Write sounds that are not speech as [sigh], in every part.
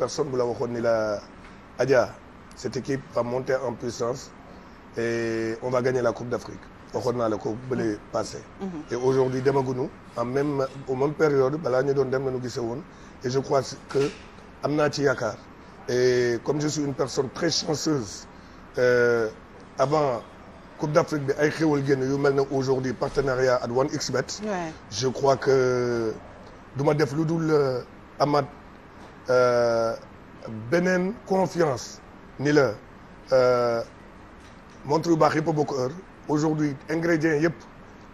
personne bu la ni la Adja cette équipe va monter en puissance et on va gagner la Coupe d'Afrique waxoon naa la ko bële passé mhm. et aujourd'hui demaguñu en même au même période balaa ñu doon dem nañu gise woon et je crois que am naa ci yaakaar et comme je suis une personne très chanceuse euh, avant Coupe d'Afrique bi ay xéwal génn yu mel ne aujourd'hui partenariat ak 1xBet je crois que duma def lu euh, Euh, beneen confiance ni la euh, montre yu baax yëpp a bokk heure aujourd'hui ingrédients yëpp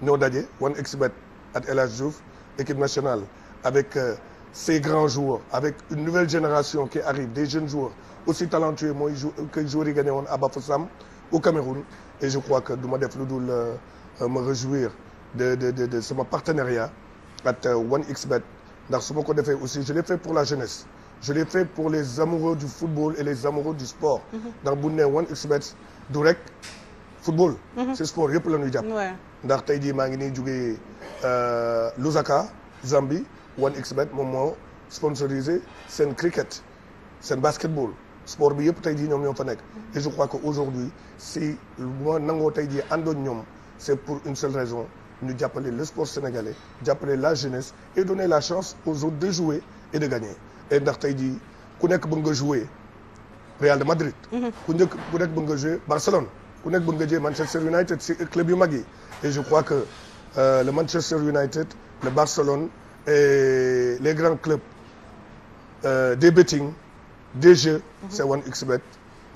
ñoo daje wan expert at El Hadj Diouf équipe nationale avec euh, ces grands joueurs avec une nouvelle génération qui arrive des jeunes joueurs aussi talentueux mooy que joueurs yi woon à Bafoussam au Cameroun et je crois que du ma def lu dul me réjouir de de de de sama partenariat at 1xBet ndax su ma ko defee aussi je l'ai fait pour la jeunesse je l'ai fait pour les amoureux du football et les amoureux du sport. Mhm. ndax bu ñu nee One XBet du rek football. Mhm. ci sport yëpp la ñuy jàpp. ndax tey jii maa ngi nii jugee euh, Lusaka Zambie One XBet moom moo sponsorisé seen cricket seen basketball sport bi yëpp tey jii ñoom ñoo fa nekk. et je crois que aujourd'hui si ma nangoo tey jii àndoon ñoom c'est pour une seule raison. ñu jàppale le sport sénégalais jàppale la jeunesse et donner la chance aux autres de jouer et de gagner et ndax tey jii ku nekk bëgg nga jouer Real de Madrid. Mhm. ku njëkk ku nekk bëgg nga jouer Barcelone. ku nekk bëgg nga jouer Manchester United si club yu mag et je crois que euh, le Manchester United le Barcelone et les grands clubs euh, des betting des jeux. Mm -hmm. c'est 1xBet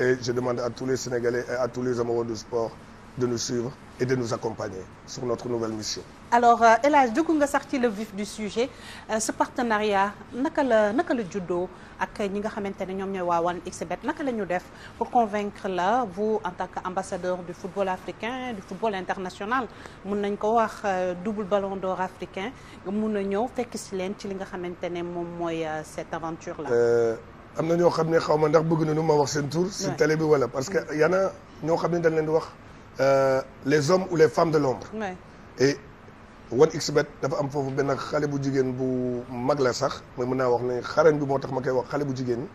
et je demande à tous les Sénégalais et à tous les amoureux du sport de nous suivre. et de nous accompagner sur notre nouvelle mission. alors euh, El Hadj dugg nga sax ci le vif du sujet euh, ce partenariat naka la naka la juddoo ak ñi nga xamante ne ñoom ñooy waa 1xBet naka la ñu def pour convaincre la vous en tant qu'ambassadeur du football africain du football international mun nañ ko wax euh, double ballon d'or africain mun na ñëw fekk si leen ci li nga xamante ne moom mooy cette aventure là. am na ñoo xam ne xaw ma ndax bëgg na nu ma wax seen tour si télé bi wala parce que mm. yana ñoo xam ne leen di wax. euh, les hommes ou les femmes de l'ombre ouais. et wan dafa am foofu benn xale bu jigéen bu mag la sax mooy mën naa wax ne xarañ bi moo tax ma koy wax xale bu jigéen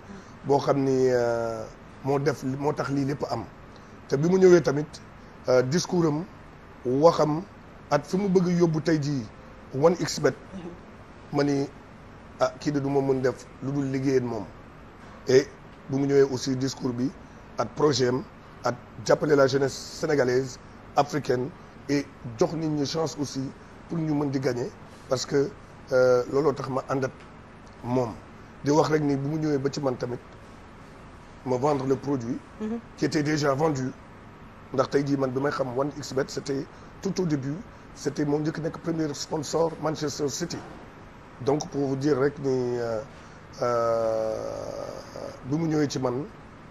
boo xam ni euh, moo def moo tax lii lépp am te bi mu ñëwee tamit euh, discours am waxam at fi mu bëgg yóbbu tey jii wan xbet ma ni ah kii de du ma mën def lu dul liggéeyeen moom et bu mu ñëwee aussi discours bi at projet am a jàppale la jeunesse sénégalaise africaine et jox nit ñi chance aussi pour ñu mën di gagner parce que euh, looloo tax ma ànd moom di wax rek ni bu mu ñëwee ba ci man tamit ma vendre le produit mhm. qui était déjà vendu ndax tey jii man bi may xam 1xBet c'était tout au début c'était moom njëkk nekk premier sponsor Manchester City donc pour vous dire rek ni euh, euh, bi mu ñëwee ci man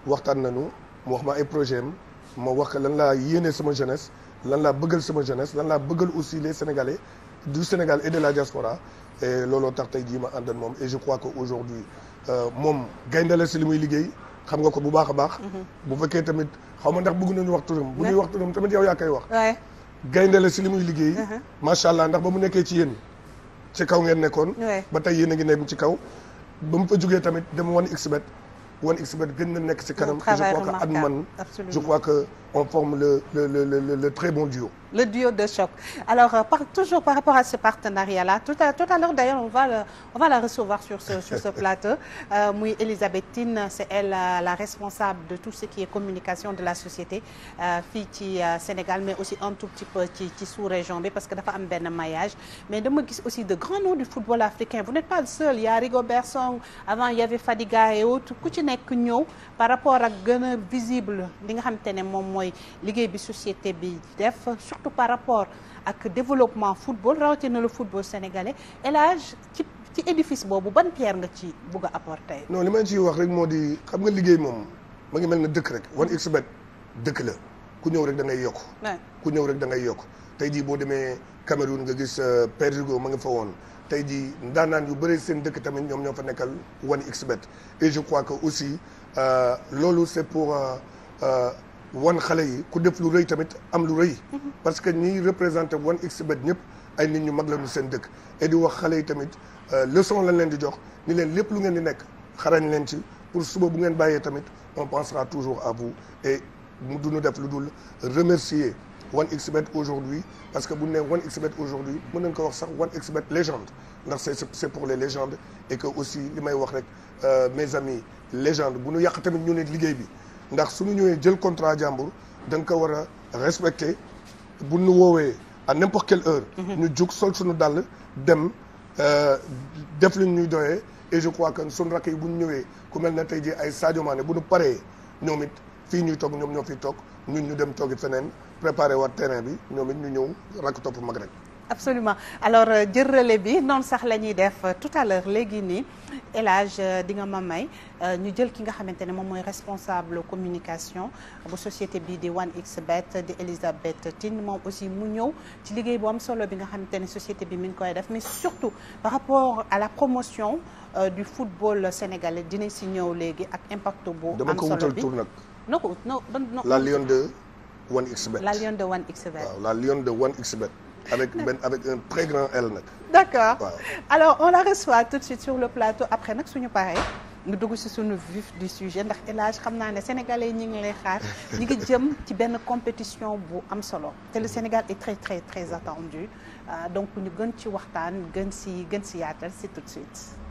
waxtaan nañu mu wax ma ay projet am ma wax lan laa yéene sama jeunesse lan laa bëggal sama jeunesse lan laa bëggal aussi les sénégalais du Sénégal et de la diaspora et looloo tax tey jii ma àndal moom et je crois que aujourd'hui euh, moom gaynde si li muy liggéey xam nga ko bu baax a baax. Mhm. bu fekkee tamit xaw ma ndax bëgg nañu waxtu turam. bu nuy wax turam tamit yow yaa koy wax. gaynde la si li muy liggéey. Uh-huh. macha allah ndax ba mu nekkee ci yéen ci kaw ngeen nekkoon. ba tey yéen a ngi nekk ci kaw. ba mu fa jugee tamit dem wan xbet One X Bet gën na nekk ci kanam. je crois que at man je crois que on le très bon duo. de choc euh, par rapport à ce partenariat là tout à l'heure d'ailleurs on va la on va la recevoir sur ce [laughs] plateau euh, muy c'est elle euh, la, responsable de tout ce qui est communication de la société fii euh, ci euh, Sénégal mais aussi un tout petit peu ci ci sous-région bi parce que dafa am benn maillage mais de grands noms du football africain vous n'êtes pas le seul il y avant il y avait Fadiga et autres ku ci nekk ñëw par rapport ak gën a visible li mooy liggéey bi société bi def surtout par rapport ak développement football rawatina le football sénégalais élage ci ci édifice boobu ban pierre nga ci bugg a apporter. non li ma ciy wax rek moo di xam nga liggéey moom ma ngi mel ne dëkk rek one xbet dëkk la ku ñëw rek da yokk. ku ñëw rek da ngay yokk tey jii boo demee Cameroun nga gis euh, Père Hugo ma nga fa woon. tey jii ndaanaan yu bëri seen dëkk tamit ñoom ñoo fa nekkal one xbet et je crois que aussi euh, wan xale yi ku def lu rëy tamit am lu rëy. parce que ñi représenté wan xbet ñëpp ay nit ñu mag la lañu seen dëkk. et di wax xale yi tamit euh, leçon lañ leen di jox ni leen lépp lu ngeen di nekk xarañ leen ci pour suba bu ngeen bàyyee tamit on pensera toujours à vous et mu duñu def lu dul remercier. One XBet aujourd'hui parce que bu ne One XBet aujourd'hui mën nañ ko wax sax One XBet légende ndax c'est pour les légendes et que aussi li may wax rek euh, mes amis légende bu nu yàq tamit ñu ne liggéey bi ndax su ñu ñëwee jël contrat jàmbur da nga ko war a respecté bu nu woowee à n'importe quelle heure mhm. ñu jug sol suñu dàll dem euh, def li ñuy doyee je crois que suñu rakk yi bu ñu ñëwee ku mel ne tey jii ay Sadio Mané bu nu paree ñoom it fii ñuy toog ñoom ñoo fi toog ñun ñu dem toogi feneen préparé waat terrain bi ñoom it ñu ñëw rakk topp mag rek absolument alors euh, jël relais bi noonu sax la ñuy def tout à l'heure léegi nii El Hadj euh, di nga ma may euh, ñu jël ki nga xamante ne moom mooy responsable communication bu société bi di 1xBet di Elisabeth Tine moom aussi mu ñëw ci liggéey bu am solo bi nga xamante ne société bi mi ngi koy def mais surtout par rapport à la promotion du football sénégalais dinañ si ñëw léegi ak impact bu am solo bi ko wutal tur nag. la Lion de 1xBet. la Lion de 1xBet waaw la Lion de 1xBet. avec benn avec un très grand L nag. d'accord waaw. alors on la reçoit tout de suite sur le plateau après nag suñu paree nga dugg ci suñu vif du sujet ndax élage xam naa ne sénégalais ñi ngi lay xaar ñi ngi jëm ci benn compétition bu am solo te le Sénégal est très très très attendu euh, donc ñu gën ci waxtaan gën ci gën ci yaatal ci tout de suite.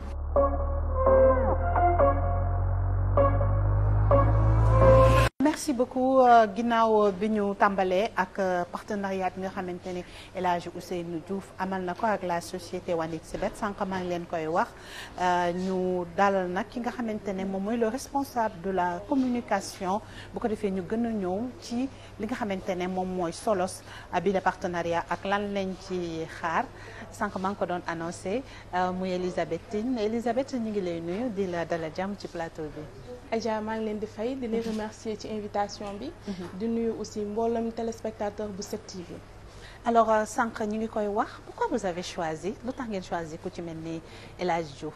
merci beaucoup euh, ginnaaw euh, bi ñu tàmbalee ak euh, partenariat bi nga xamante ni El Hadj Ousseynou Diouf amal na ko ak la société Wanexbet sànq maa ngi leen koy wax ñu dalal nag ki nga xamante ne moom mooy le responsable de la communication bu ko defee ñu gën a ñëw ci li nga xamante ne moom mooy solos bi la partenariat ak lan lañ ci xaar sànq maa ngi ko doon annoncé muy Elisabeth Tine Elisabeth ñu ngi lay nuyu di la dala jàmm ci plateau bi. Adja maa ngi leen di fay di leen mhm. remercier ci invitation bi. Mhm. di nuyu aussi mbooloom téléspectateur bu 7TV. alors euh, sànq ñu ngi koy wax pourquoi vous avez choisi lu tax ngeen choisi ku ci mel ni El Hadj Diouf.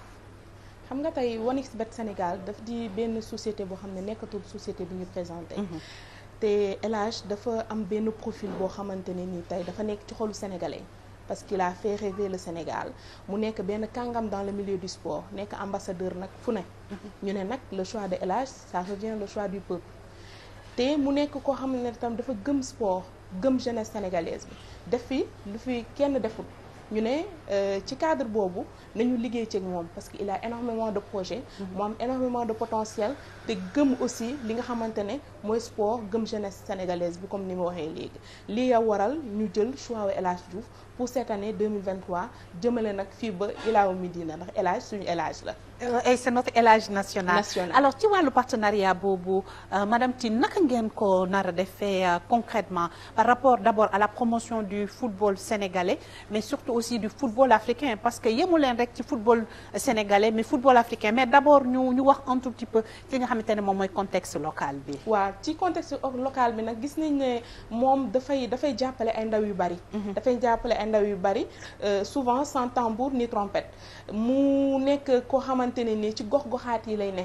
xam nga tey 1xBet Sénégal daf di benn société boo xam ne nekkatul société bi ñu présenté. Mhm. te élage dafa am benn profil boo xamante ne nii tey dafa nekk ci xolu sénégalais. parce que a fait rêver le Sénégal mu nekk benn kàngam dans le milieu du sport nekk ambassadeur nag fu ne ñu ne nag le choix de El Hadj ça revient le choix du peuple te mu nekk koo xam ne tam dafa gëm sport gëm jeunesse sénégalaise bi def fi lu fi kenn deful ñu ne euh, ci cadre boobu ñu liggéey ci moom parce que il a énormément de projets mhm. mu am énormément de potentiel te gëm aussi li nga xamante ne mooy sport gëm jeunesse sénégalaise bi comme ni ma waxee léegi lii ya waral ñu jël choix élage El Hadj Diouf pour cette année 2023 jëmale nag fii ba ilaawu Medina ndax élage Hadj suñu élage la euh, et c'est notre El Hadj national. alors ci wàllu partenariat boobu euh, madame Tine naka ngeen ko nar a defee euh, concrètement par rapport d'abord à la promotion du football sénégalais mais surtout aussi du parce que yemu leen rek ci football sénégalais mais football africain mais d'abord ñu ñu wax un tout petit nga xamante ne moom mooy contexte local bi. waaw ci contexte local bi nag gis nañ ne moom dafay dafay jàppale ay ndaw yu bari. Mhm. dafay jàppale ndaw yu bari euh, souvent sans tambour ni trompette mu nekk koo xamante ne ni ci gox-goxaat yi lay ne.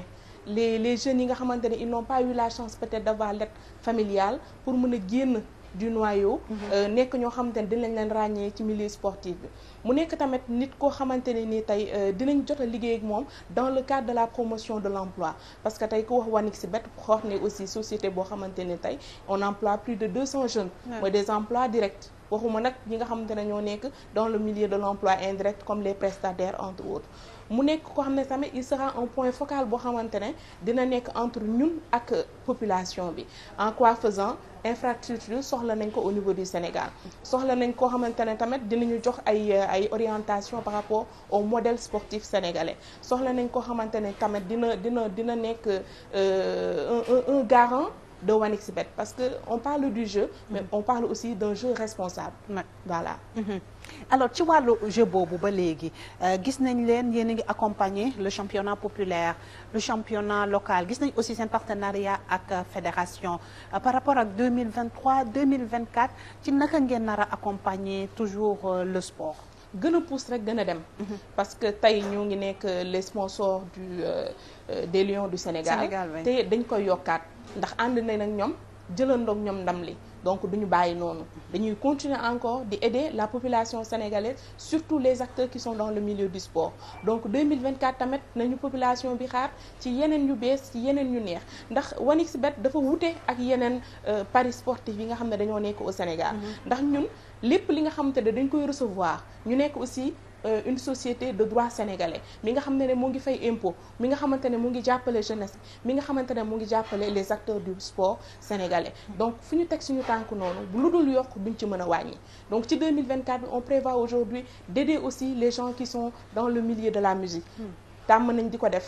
les les jeunes yi nga xamante ne ils n'ont pas eu la chance peut-être d'avoir l'aide familiale pour mën a génn du noyau. Mhm. Euh, nekk ñoo xamante ne dinañ leen ràññee ci milieu sportif bi. mu nekk tamit nit koo xamante ne nii tey euh, dinañ jot liggéey ak moom dans le cadre de la promotion de l'emploi parce que tey ku wax Wanixbet xoox ne aussi société boo xamante ne tey on emploie plus de 200 jeunes mooy des emplois directs waxuma nag ñi nga xamante ne ñoo nekk dans le milieu de l'emploi indirect comme les prestataires entre autres mu nekk koo xam ne tamit il sera un point focal boo xamante ne dina nekk entre ñun ak population bi en quoi faisant infrastructure soxla nañ ko au niveau du Sénégal soxla nañ koo xamante ne tamit dinañu jox ay ay orientation par rapport au modèle sportif sénégalais soxla nañ koo xamante ne tamit dina dina dina nekk euh, un garant de Wanexbet parce que on parle du jeu mais mm-hmm. on parle aussi d'un jeu responsable voilà mm-hmm. alors ci wàllu jeu boobu ba léegi euh, gis nañ leen yéen a ngi accompagner le championnat populaire le championnat local gis nañ aussi seen partenariat ak euh, fédération euh, par rapport ak 2023 2024 ci naka ngeen nar a accompagner toujours le sport gën a pousse rek gën a dem mhm. parce que tey ñoo ngi nekk les sponsors du euh, du Sénégal te dañ koy yokkaat ndax ànd na nag ñoom jëlandoog ñoom ndam li donc duñu bàyyi noonu dañuy continuer encore di édé la population sénégalaise surtout les acteurs qui sont dans le milieu du sport donc 2024 tamit nañu population bi xaar ci yeneen yu bees ci yeneen yu neex ndax 1xBet dafa wute ak yeneen euh, paris sportifs yi nga xam ne dañoo nekk au Sénégal mm-hmm. ndax ñun lépp li nga xamante ne dañ koy recevoir ñu nekk aussi Euh, une société de droit sénégalais mi nga xam ne mu ngi fay impo mi nga xamante ne mu ngi jàppale jeunesse mi nga xamante ne mu ngi jàppale les acteurs du sport sénégalais donc fu ñu teg suñu tànk noonu lu dul yokk duñ ci mën a wàññi donc ci 2024 bi on prévoit aujourd'hui d'aider aussi les gens qui sont dans le milieu de la musique tàmm nañ di ko def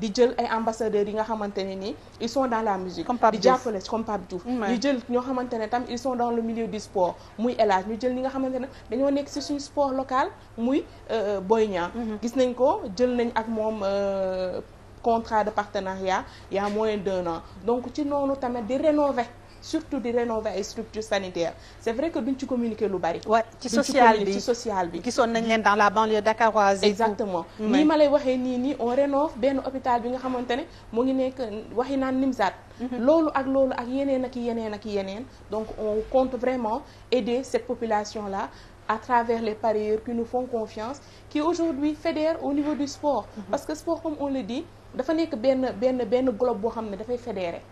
di jël ay ambassadeurs yi nga xamante ne nii ils sont dans la musique di jàppale comme Pape Diouf ñu jël ñoo xamante ne tam ils sont dans le milieu du sport muy El ñu jël ñi nga xamante ne dañoo nekk si suñu sport local muy euh, Boy Niang mm-hmm. gis nañ ko jël nañ ak moom euh, contrat de partenariat yaa a moins d'un an donc ci noonu tamit di rénover surtout di rénover ay structures sanitaires c' vrai que duñ ci communiquer lu bari. ci social bi ci social bi. gisoon nañ leen dans la banlieue dakaroise. exactement nii ma lay waxee nii nii on rénove benn hôpital bi nga xamante ne mu ngi nekk waxi naan Nimzaat. Mhm. loolu ak loolu ak yeneen ak yeneen ak yeneen donc on compte vraiment aider cette population la à travers les parieurs qui nous font confiance qui aujourd'hui fédèrent au niveau du sport mm -hmm. parce que sport comme on le dit dafa nekk benn benn benn globe boo xam ne dafay fédérer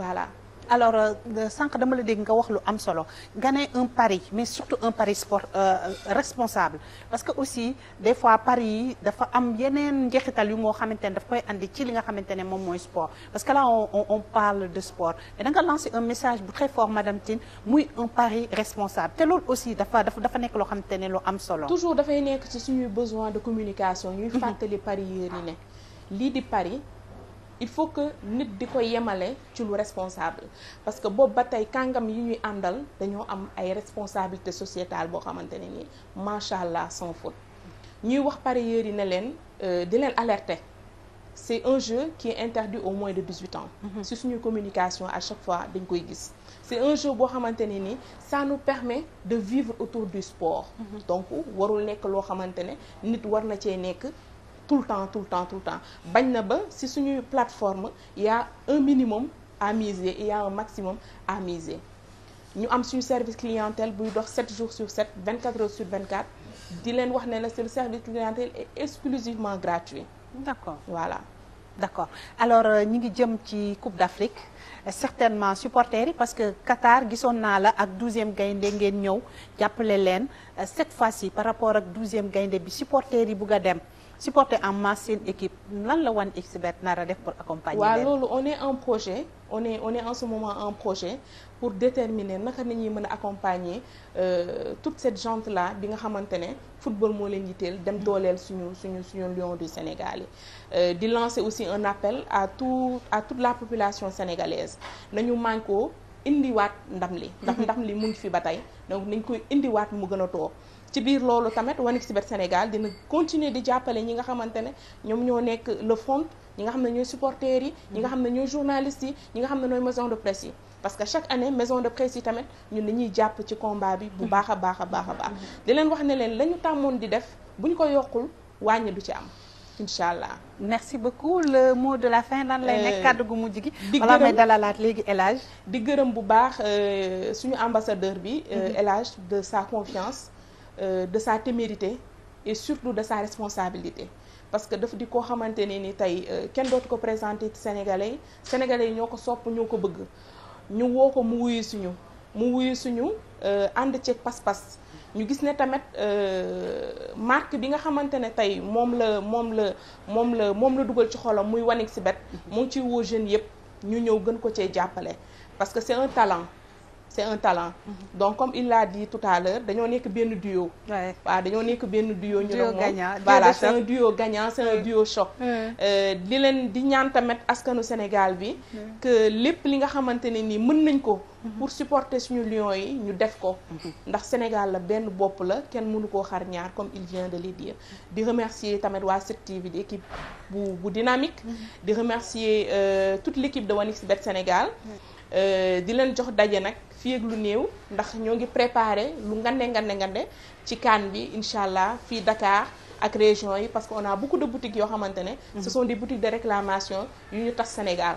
voilà alors euh, sànq dama la dégg nga wax lu am solo nga ne un pari mais surtout un paris sport euh, responsable parce que aussi des fois pari yi dafa am yeneen njeexital yu moo xamante ne daf koy andi ci li nga xamante ne moom mooy sport parce que là on on parle de sport mais da nga un message bu très fort madame Tine muy un pari responsable te lool aussi dafa dafa nekk loo xamante ne lu am solo. toujours dafay nekk ci suñuy besoin de communication. ñuy mhm. fàttali parieurs yi ne lii di pari. il faut que nit di ko yemale ci lu responsable parce que boobu ba tey kàngam yi ñuy àndal dañoo am ay responsabilité sociétale boo xamante ne nii macha allah sans faute ñuy wax parieurs yi ne leen euh, di leen alerter c'est un jeu qui est interdit aux moins de 18 ans mm-hmm. si suñu communication à chaque fois dañ koy gis c'est un jeu boo xamante ne ni ça nous permet de vivre autour du sport mm-hmm. donc warul nekk loo xamante ne nit war na cee nekk tout le temps tout le temps tout bañ na ba si suñuy plateforme y a un minimum à mise et y a un maximum à miser ñu am suñu service clientèle buy dox 7 jours sur 7 24 heures sur 24 di leen wax ne la seen service clientèle est exclusivement gratuit d'accord voilà d'accord alors euh, ñi ngi jëm ci Coupe d'Afrique certainement supporters yi parce que Qatar gisoon naa la ak douzième gaynde ngeen ñëw jàppale leen set euh, fois yi par rapport ak douzième gaynde bi supporters yi bugg a dem supporter en masse seen équipe nan la wan expert nar a def pour accompagner. waaw loolu on est en projet on est on est en ce en projet pour déterminer naka ñuy mën a accompagner euh, toute cette gente là bi nga xamante ne football moo leen yitteel dem dooleel suñu suñu suñu lion du Sénégal yi. Euh, di lancer aussi un appel à tout à tout la population sénégalaise nañu ko indiwaat ndam li. ndax mm-hmm. ndam li mu ngi fi ba tey donc nañ koy indiwaat mu gën a toog. ci biir loolu tamit Onexbet Sénégal dina continuer di jàppale ñi nga xamante ne ñoom ñoo nekk le front ñi nga xam ne ñooy supporters yi ñi nga xam ne ñooy journalistes yi ñi nga xam ne ñooy maison de presse yi parce que chaque année maison de presse yi tamit ñun dañuy jàpp ci combat bi bu baax a baax a baax a baax di leen wax ne leen la ñu tàmmoon di def bu ñu ko yokkul wàññi du ci am incha allah merci beaucoup le mot de la fin lan lay nekk euh, kàddu gu mujj gi di gërëm may dalalaat léegi El di gërëm bu baax euh, suñu ambassadeur bi euh, mm-hmm. El de sa confiance euh, de sa témérité et surtout de sa responsabilité parce que daf di koo xamante ne ni tey euh, kenn dootu ko présenté ci sénégalais sénégalais yi ñoo ko sopp ñoo ko bëgg ñu woo ko mu wuyu suñu mu wuyu suñu euh, ànd ceeg pas-pas ñu gis ne tamit euh, marque bi nga xamante ne tey moom la moom la moom la moom la dugal ci xolam muy wanig si bet mu ngi ciy woo jeunes yëpp ñu ñëw gën ko cee jàppale parce que c'est un talent c'est un talent. Mhm. donc comme il l'a dit tout dañoo nekk benn duo. waaw dañoo nekk benn duo. ñu ne moom voilà c'est un duo gagnant c'est un duo choc. Euh, di leen di ñaan tamit askanu Sénégal bi. que lépp li nga xamante ne nii mën nañ ko. Mhm. pour supporter suñu lions yi ñu def ko. Mhm. ndax Sénégal la benn bopp la kenn mënu koo xar ñaar comme il vient de le dire. di remercier tamit waa 7TV di équipe bu bu dynamique. di remercier euh, toute l'équipe de 1xBet euh, di leen jox daje nag. fii ak lu néew ndax ñoo ngi préparé lu ngande ngande ngande ci kaan bi incha allah fii Dakar ak région yi parce que on a ku de boutiques yoo xamante ne. ce sont des boutiques de réclamation yu ñu tas Sénégal.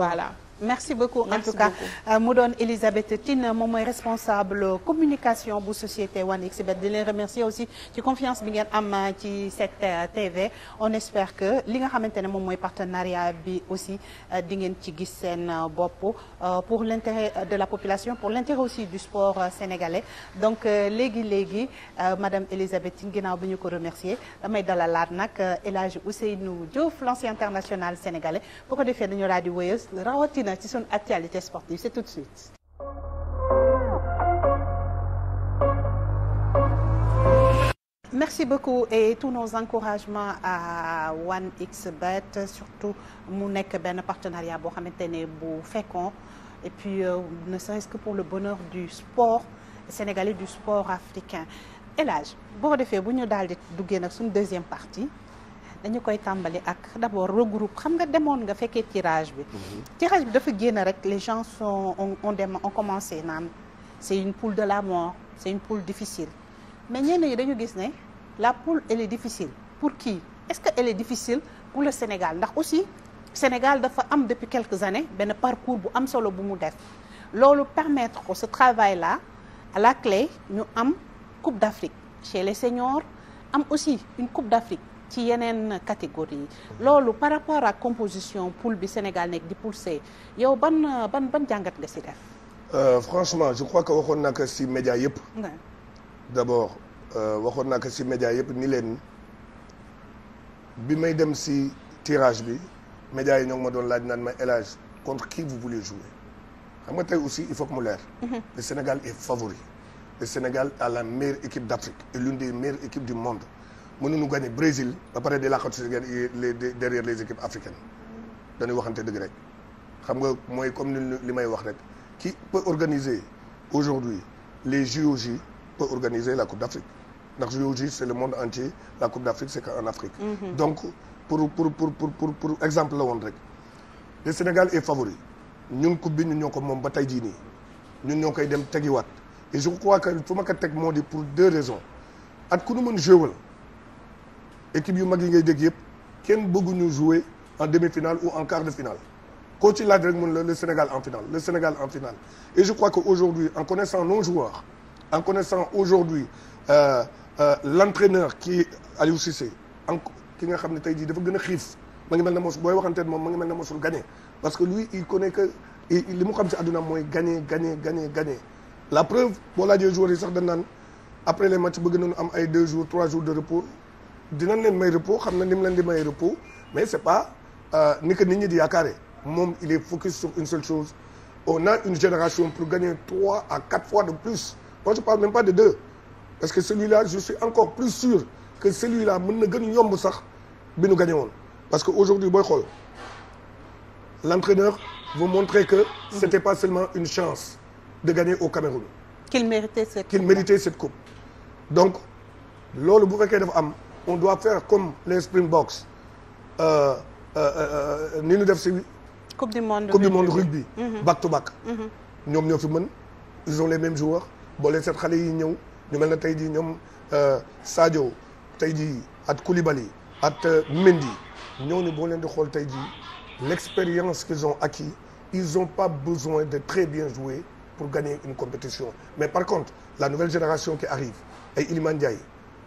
voilà. merci beaucoup merci en tout beaucoup. cas euh, mu doon Elisabeth Tine moom mooy responsable communication bu société 1xBet di le remercier aussi ci confiance bi ngeen am euh, ci 7TV euh, on espère que li nga xamante ne moom mooy partenariat bi aussi di ngeen ci gis seen bopp pour l'intérêt de la population pour l'intérêt aussi du sport sénégalais donc léegi léegi madame Elisabeth Tine ginnaaw bi ñu ko remercier la dalalaat nag El Hadj Ousseynou Diouf l'ancien international sénégalais bu ko defee dañu daal na ci suñu actualité sportive c'est tout de suite. merci beaucoup et tous nos encouragements à 1xBet surtout mu nekk benn partenariat boo xamante ne bu fekkoon et puis euh, ne serait-ce que pour le bonheur du sport sénégalais du sport africain El Hadj boo defee bu ñu daal di duggee nag suñu deuxième partie. dañu koy tàmbali ak d' abord regroupe xam nga demoon nga fekkee tirage bi. Mhm. tirage bi dafa génn rek les gens sont on on dem commencé naan c' est une poule de la mort c' est une poule difficile mais ñenn ñi dañu gis ne la poule elle est difficile pour qui est ce que elle est difficile pour Sénégal ndax aussi Sénégal dafa am depuis quelques années benn parcours bu am solo bu mu def loolu permettre ko ce travail là la clé ñu am Coupe d' Afrique chez les seniors am aussi une Coupe d' Afrique. ci yeneen catégorie loolu par rapport ak composition poule bi Sénégal nekk di poule C yow ban ban ban jàngat nga si def euh, franchement je crois que waxoon naa ko si média yëpp d'abord euh, waxoon naa ko si média yëpp ni leen bi may dem si tirage bi média yi ñoo ma doon laaj naan ma élage contre qui vous voulez jouer xam nga tey aussi il faut mu leer mm-hmm. le Sénégal est favori le Sénégal a la meilleure équipe d'Afrique l'une des meilleures équipes du monde mënuñu gagné Brésil ba pare di làqatu si derrière les équipes africaines dañuy waxante dëgg rek xam nga mooy comme ni li may wax rek qui peut organiser aujourd'hui les JOJ peut organiser la Coupe d'Afrique ndax JOJ c'est le monde entier la Coupe d'Afrique c'est qu'en Afrique. Mhm. donc pour pour pour pour pour exemple la woon rek le Sénégal est favori ñun coupe bi ñun ñoo ko moom ba tey jii nii ñun ñoo koy dem tegiwaat et je crois que fu ma ko teg moo di pour deux raisons at ku équipe yu mag yi ngay dégg yëpp kenn bëgguñu jouer en demi-finale ou en quart de finale koo ci laaj rek mun la le Sénégal en finale le Sénégal en finale je crois que aujourd'hui en connaissant nos joueurs en connaissant aujourd'hui euh, euh, l'entraîneur qui Aliou ki nga xam ne tey jii dafa gën a xiif ma ngi mel ne mosul booy waxanteen moom ma ngi mel ne mosul gagné parce que lui il connaît que li mu xam ci àdduna mooy gagné gagné gagné gagné la preuve boo laajee joueurs yi sax dañ naan après les matchs bëgg nañu am ay deux jours trois jours de repos dinan leen may repos xam na ni mu leen di may repos mais c'est pas euh, ni que nit di yaakaare moom il est focus sur une seule chose on a une génération pour gagner trois à quatre fois de plus moi je parle même pas de deux parce que celui-là je suis encore plus sûr que celui-là mën na gën yomb sax bi nu gagné woon parce que aujourd'hui booy xool l'entraîneur vous montrer que mhm. c'était pas seulement une chance de gagner au Cameroun qu'il méritait cette qu'il méritait cette coupe donc loolu bu fekkee dafa am on doit faire comme les Springboks euh, euh, euh, ni nu def si. coupe du monde coupe du monde rugby. Mm-hmm. Mm-hmm. back to back. Mm-hmm. ñoom ñoo fi mën ils ont les mêmes joueurs boole seet xale yi ñëw ñu mel ne tey jii ñoom Sadio tey jii at Koulibaly at Mendy ñooñu boo leen di xool tey jii l'expérience qu'ils ont acquis ils ont pas besoin de très bien jouer pour gagner une compétition mais par contre la nouvelle génération qui arrive ay Iliman Ndiaye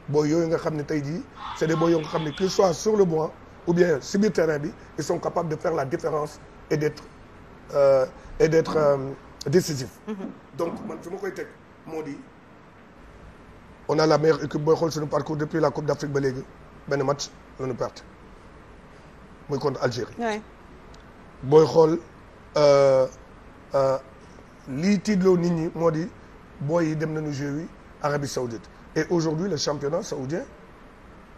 booy yooyu nga xam ne tey jii c'est des booy nga xam ne qu'ils soient sur le boi ou bien si biir terrain bi ils sont capables de faire la différence et d'être euh, et d'être euh, décisifs mm-hmm. donc man fi ma koy teg moo di on a la meilleure équipe booy xool suñu parcours depuis la Coupe d'Afrique ba léegi benn match la ñu perte muy contre Algérie booy xool euh, euh, lii tiidloo nit ñi moo di booy yi dem nañu jouer yi Arabie Saoudite et aujourd'hui le championnat saoudien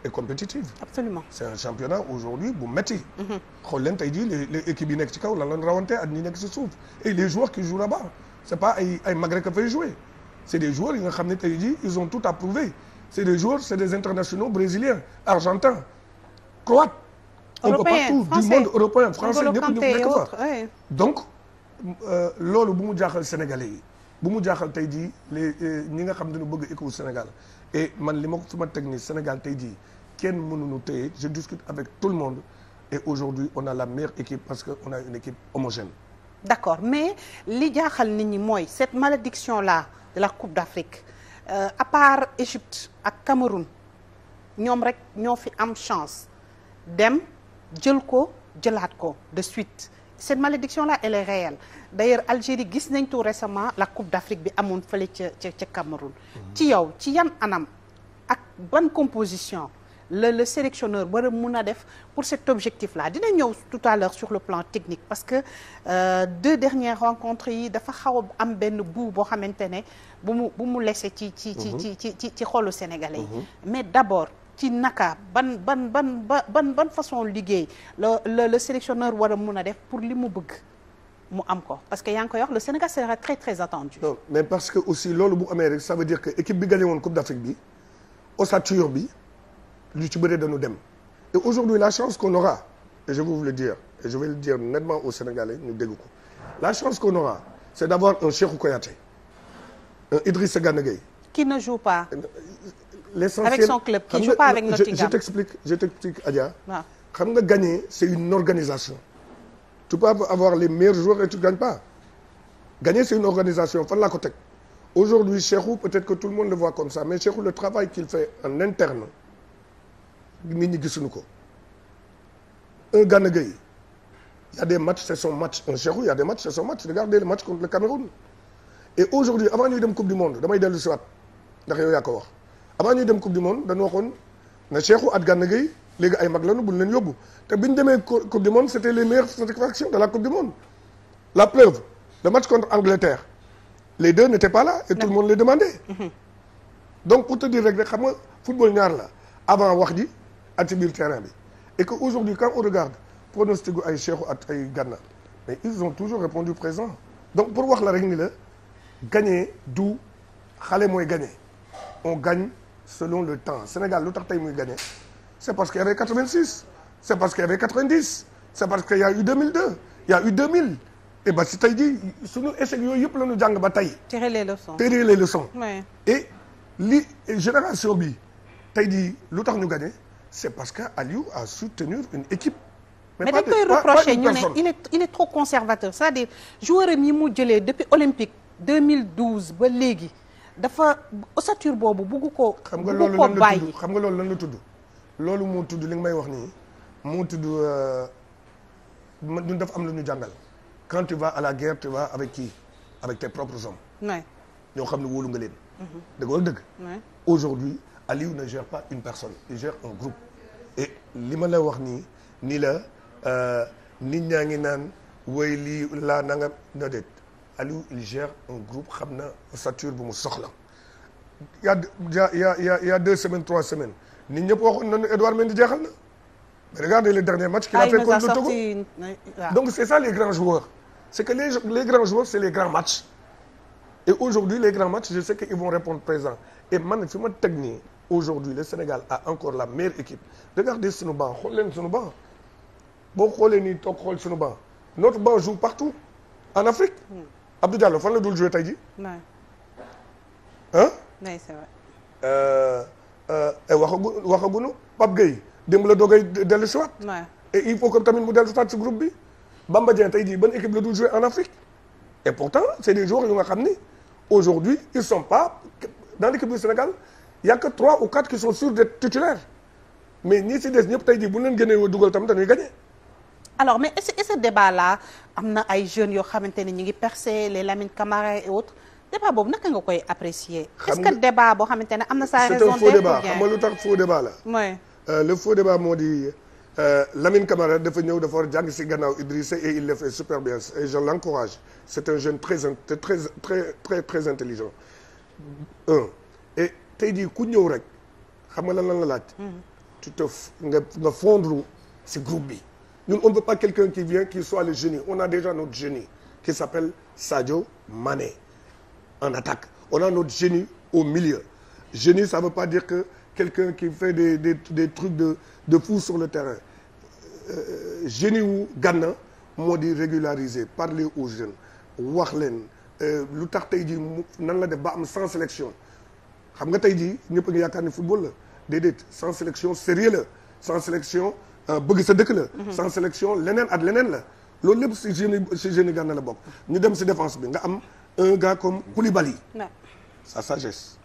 est compétitif. absolument c'est un championnat aujourd'hui bu métti. Mhm. xool leen tey jii les les équipes yi nekk ci kaw lan rawante ak ñi nekk ci suuf et les joueurs qui jouent là-bas c'est pas ay ay mag rek jouer c'est des joueurs yi nga xam ne tey jii ils ont tout à prouver c'est des joueurs c'est des internationaux brésiliens argentins croates. on peut partout français. du monde européen français ñëpp ñu nekk fa donc euh, loolu bu mu jaaxal sénégalais yi. bu mu jaaxal tey jii les eh, ñi nga xam dañu bëgg écho Sénégal et man li ma ko suma technique Sénégal tey jii kenn mënuñu téye je discute avec tout le monde et aujourd'hui on a la meilleure équipe parce que on a une équipe homogène d'accord mais li jaaxal nit ñi mooy cette malédiction là de la Coupe d'Afrique euh, à part Égypte ak Cameroun ñoom rek ñoo fi am chance dem jël ko jëlaat ko de suite cette malédiction là elle est réelle d'ailleurs Algérie gis nañ tout récemment la Coupe d'Afrique bi amoon fële ca ca ca Cameroun ci yow ci yan anam ak ban composition le le sélectionneur war mun a def pour cet objectif la dina ñëw tout à l'heure sur le plan technique parce que euh, deux dernières rencontres yi dafa xaw a am benn bout boo xamante ne bu mu bu mu laissé ci ci ci ci ci ci xolu sénégalais yi mm-hmm. mais d'abord ci naka ban ban ban ban ban façon liggéey la la le sélectionneur war a mun a def pour li mu bëgg mu am ko parce que yaa ngi koy wax le Sénégal sera très très attendu. non mais parce que aussi loolu bu amee rek ça veut dire que équipe bi gagné woon Coupe d'Afrique bi ossature bi lu ci bëree dañu dem et aujourd'hui la chance qu'on aura et je vais vous le dire et je dire nettement aux ñu dégg ko la chance qu'on aura c'est d'avoir un Cheikhou Kouyaté un Idrissa Gana qui ne joue pas l'essentiel avec son club qui joue pas avec Nottingham. je t'explique je t'explique Adja. waaw xam nga gagner c'est une organisation. tu peux avoir les meilleurs joueurs et tu gagnes pas. gagner c'est une organisation fan laa ko teg aujourd'hui Cheikhou peut-être que tout le monde le voit comme ça mais Cheikhou le travail qu'il fait en interne nit ñi gisuñu ko. un Gana Gueye il a des matchs c'est son match un Cheikhou il a des matchs c'est son match regardez le match contre le Cameroun et aujourd'hui avant ñuy dem coupe du damay dellu si ndax yow ko wax. avant ñuy dem coupe du monde dañu waxoon na Cheikhou at Gana Gueye léegi ay mag lañu buñ leen yóbbu te biñ demee coupe du monde c' était les meilleures satisfactions de la coupe du monde la preuve le match contre Angleterre les deux n' étaient pas la et tout le monde les demandait mhm. donc pour te dire rek rek xam nga football ñaar la avant wax ji at ci biir terrain bi et que aujourd'hui quand on regarde pronostic gu ay Cheikhou at ay Gana mais ils ont toujours répondu présent donc pour wax la rek ni la gagner mooy gagner on selon le temps Sénégal lu tax tey muy gagné c'est parce qu'il y avait 86 c'est parce qu'il y avait 90 c'est parce qu'il y a eu 2002 il y a eu 2000 et ba si tey jii suñu yooyu yëpp la jàng ba tey. tirer les leçons tirer les leçons. oui et li génération bi tey jii lu tax ñu gagné c'est parce que a su tenir une équipe. mais dañ koy reprocher ñu ne il est il est trop conservateur c'est-à-dire joueur yi mu jëlee depuis olympique 2012 ba léegi. dafa ossature boobu bugg ko xam nga loolu lan xam nga loolu lan la tudd loolu moo tudd li may wax nii moo tudd euh, ñun dafa am lu ñu jàngal quand tu vas à la guerre tu vas avec qui avec tes propres hommes ñoo xam ne wóolu nga leen mhm. dëgg wala dëgg aujourd'hui Aliou ne gère pas une personne il un groupe et li ma la wax nii ni la euh, nit ñaa ngi naan woy lii la nanga na déet Aliou il gère un groupe xam na stature bu mu soxla a y' a y' a a deux semaines trois semaines nit ñëpp waxoon nañu Edouard Mendy jeexal na mais regardez les derniers matchs qu'il a ah, fait contre le Togo donc c'est ça les grands joueurs c'est que les les grands joueurs c'est les grands matchs et aujourd'hui les grands matchs je sais qu'ils vont répondre présent et man fi ma teg aujourd'hui le Sénégal a encore la meilleure équipe regardez sunu banc xool leen sunu banc boo xoolee nii toog xool sunu banc notre banc Abdou Diallo fan la dul joué tey jii. naay. ah. naay c'est vrai. Euh, euh, waxagu waxaguñu Pape Gueye démb la doogay dellu si waat. naay et il faut que tamit mu dellu si waat si groupe bi. Bamba Dieng tey jii ban équipe la dul joué en Afrique. et pourtant c'est des joueurs yu nga xam ni aujourd'hui ils sont pas dans l'équipe du Sénégal y a que trois ou quatre qui sont sûrs d'être titulaires mais ñii si des ñëpp tey jii bu ñu leen génnee dugal tamit dañuy gagner. alors mais est est-ce là am na ay jeunes yoo xamante ne ñu ngi percé les Lamine Camara et autres débat boobu naka nga koy apprécier. est-ce que débat boo xamante ne am na sa raison. c'est un faux débat xam la. oui euh, le faux débat moo di euh, Lamine Camara dafa ñëw dafa war jàng si gannaaw Idrissa et il le fait super bien et je l'encourage c'est un jeune très très très très très intelligent et tey jii ku ñëw rek xam nga lan la laaj. Mm-hmm. tu te nga nga fondre si groupe bi. ñun on ne veut pas quelqu'un qui vient qui soit le génie on a déjà notre génie qui s'appelle Sadio Mané en attaque on a notre génie au milieu génie ça veut pas dire que quelqu'un qui fait des des des trucs de de fou sur le terrain euh, génie wu Gana moo di régulariser parler aux jeunes wax leen euh, lu tax tey jii nan la def ba am sans sélection xam nga tey jii ñëpp a yaakaar ni football la déedéet sans sélection sérieux la sans sélection Euh, bëgg sa dëkk la. Mhm. sans sélection leneen at leneen la loolu lépp si jeune si jeune Gana la bokk. ñu dem si défense bi nga am un gars comme Koulibaly. sa sagesse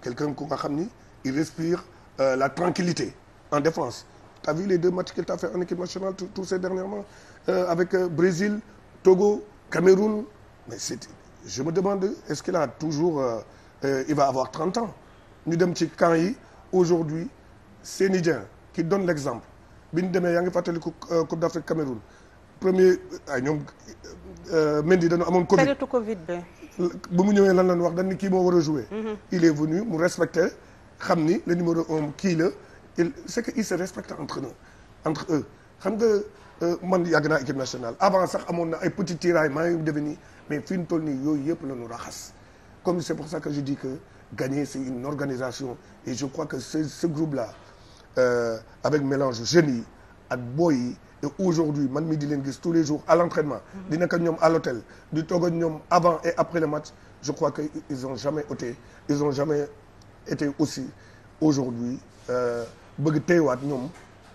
quelqu'un ku nga xam ni il respire euh, la tranquillité en défense t'as vu les deux matchs qu'il t'a fait en équipe nationale tous ces dernièrement euh, avec Brésil Togo Cameroun mais je me demande est-ce qu'il a toujours il va avoir 30 ans ñu dem ci camp yi aujourd'hui Seny Dieng qui donne l'exemple bi ñu demee yaa ngi fàttaliku euh, Coupe d'Afrique Cameroun premier ay ñoom euh, Mendy dañu amoon Covid période Covid mu ñëwee lan lañ wax dañ ni kii moo war a jouer mhm. il est venu mu respecté xam ni kii la il c'est que il se respecte entre eux xam nga euh, man yàgg naa équipe nationale avant sax amoon na ay petit tiraay maa ngi defe mais fi ñu toll nii yooyu yëpp la ñu raxas comme c'est pour ça que je dis que gagner c'est une organisation et je crois que ce ce groupe euh, avec mélange jeunes yi ak boy yi et aujourd'hui man mi di leen gis tous les jours à l'entraînement mm-hmm. di nekk ak ñoom à l'hôtel di toog ak ñoom avant et après le match je crois que ils ont jamais été ils ont jamais été aussi aujourd'hui euh, bëgg teewaat ñoom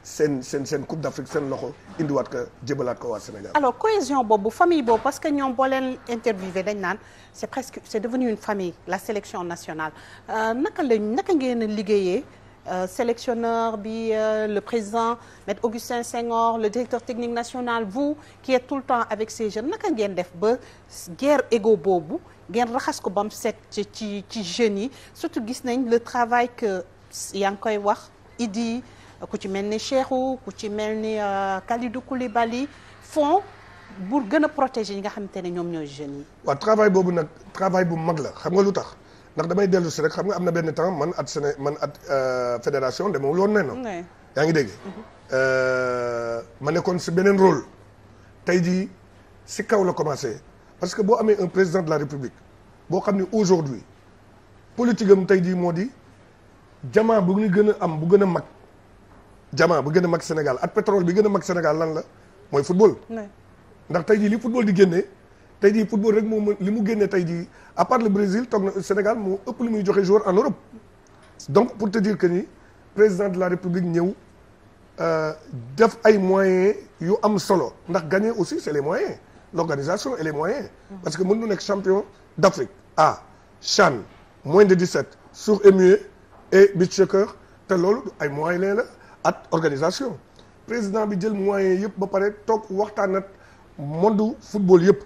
seen seen seen coupe d'Afrique seen loxo indiwaat ko jébalaat ko waa Sénégal. alors cohésion boobu famille boobu parce que ñoom boo leen interviewé dañ naan c'est presque c'est devenu une famille la sélection nationale euh, naka lañ naka ngeen a liggéeyee Euh, sélectionneur bi euh, le président maître Augustin Senghor le directeur technique national vous qui êtes tout le temps avec ces jeunes naka ngeen def ba guerre égo boobu ngeen raxas ko bam set ci ci jeunes yi surtout gis nañ le travail que yaa ngi koy wax Idi ku ci mel ni Cheikhou ku ci mel ni euh, Kalidou Koulibaly font pour gën a protéger ñi nga xamante ne ñoom ñooy jeunes yi. waaw travail boobu nag travail bu mag la xam nga ndax damay dellu si rek xam nga am na benn temps man at Séné man at euh, fédération demewul woon nenoo yaa ngi dégg mhm. euh, ma nekkoon si beneen rôle tey jii si kaw la commencé parce que boo amee un président de la république boo xam ne aujourd'hui politique am tey jii moo di jamaa bu ñu gën a am bu gën a mag jamaa bu gën a mag Sénégal at pétrole bi gën a mag Sénégal lan la mooy football ndax tey jii li football di génnee tey jii football rek moom mën li mu génne tey jii à part le Brésil toog na Sénégal moo ëpp lu muy joxe joueur en Europe donc pour te dire que ni président de la République ñëw euh, def ay moyen yu am solo ndax gagner aussi c'est les moyens l'organisation et les moyens parce que mën nu nekk champion d'Afrique ah CHAN moins de 17 sourds et muets et beach soccer te loolu ay moyens leen la at organisation président bi jël moyens yëpp ba pare toog waxtaan ak monde football yëpp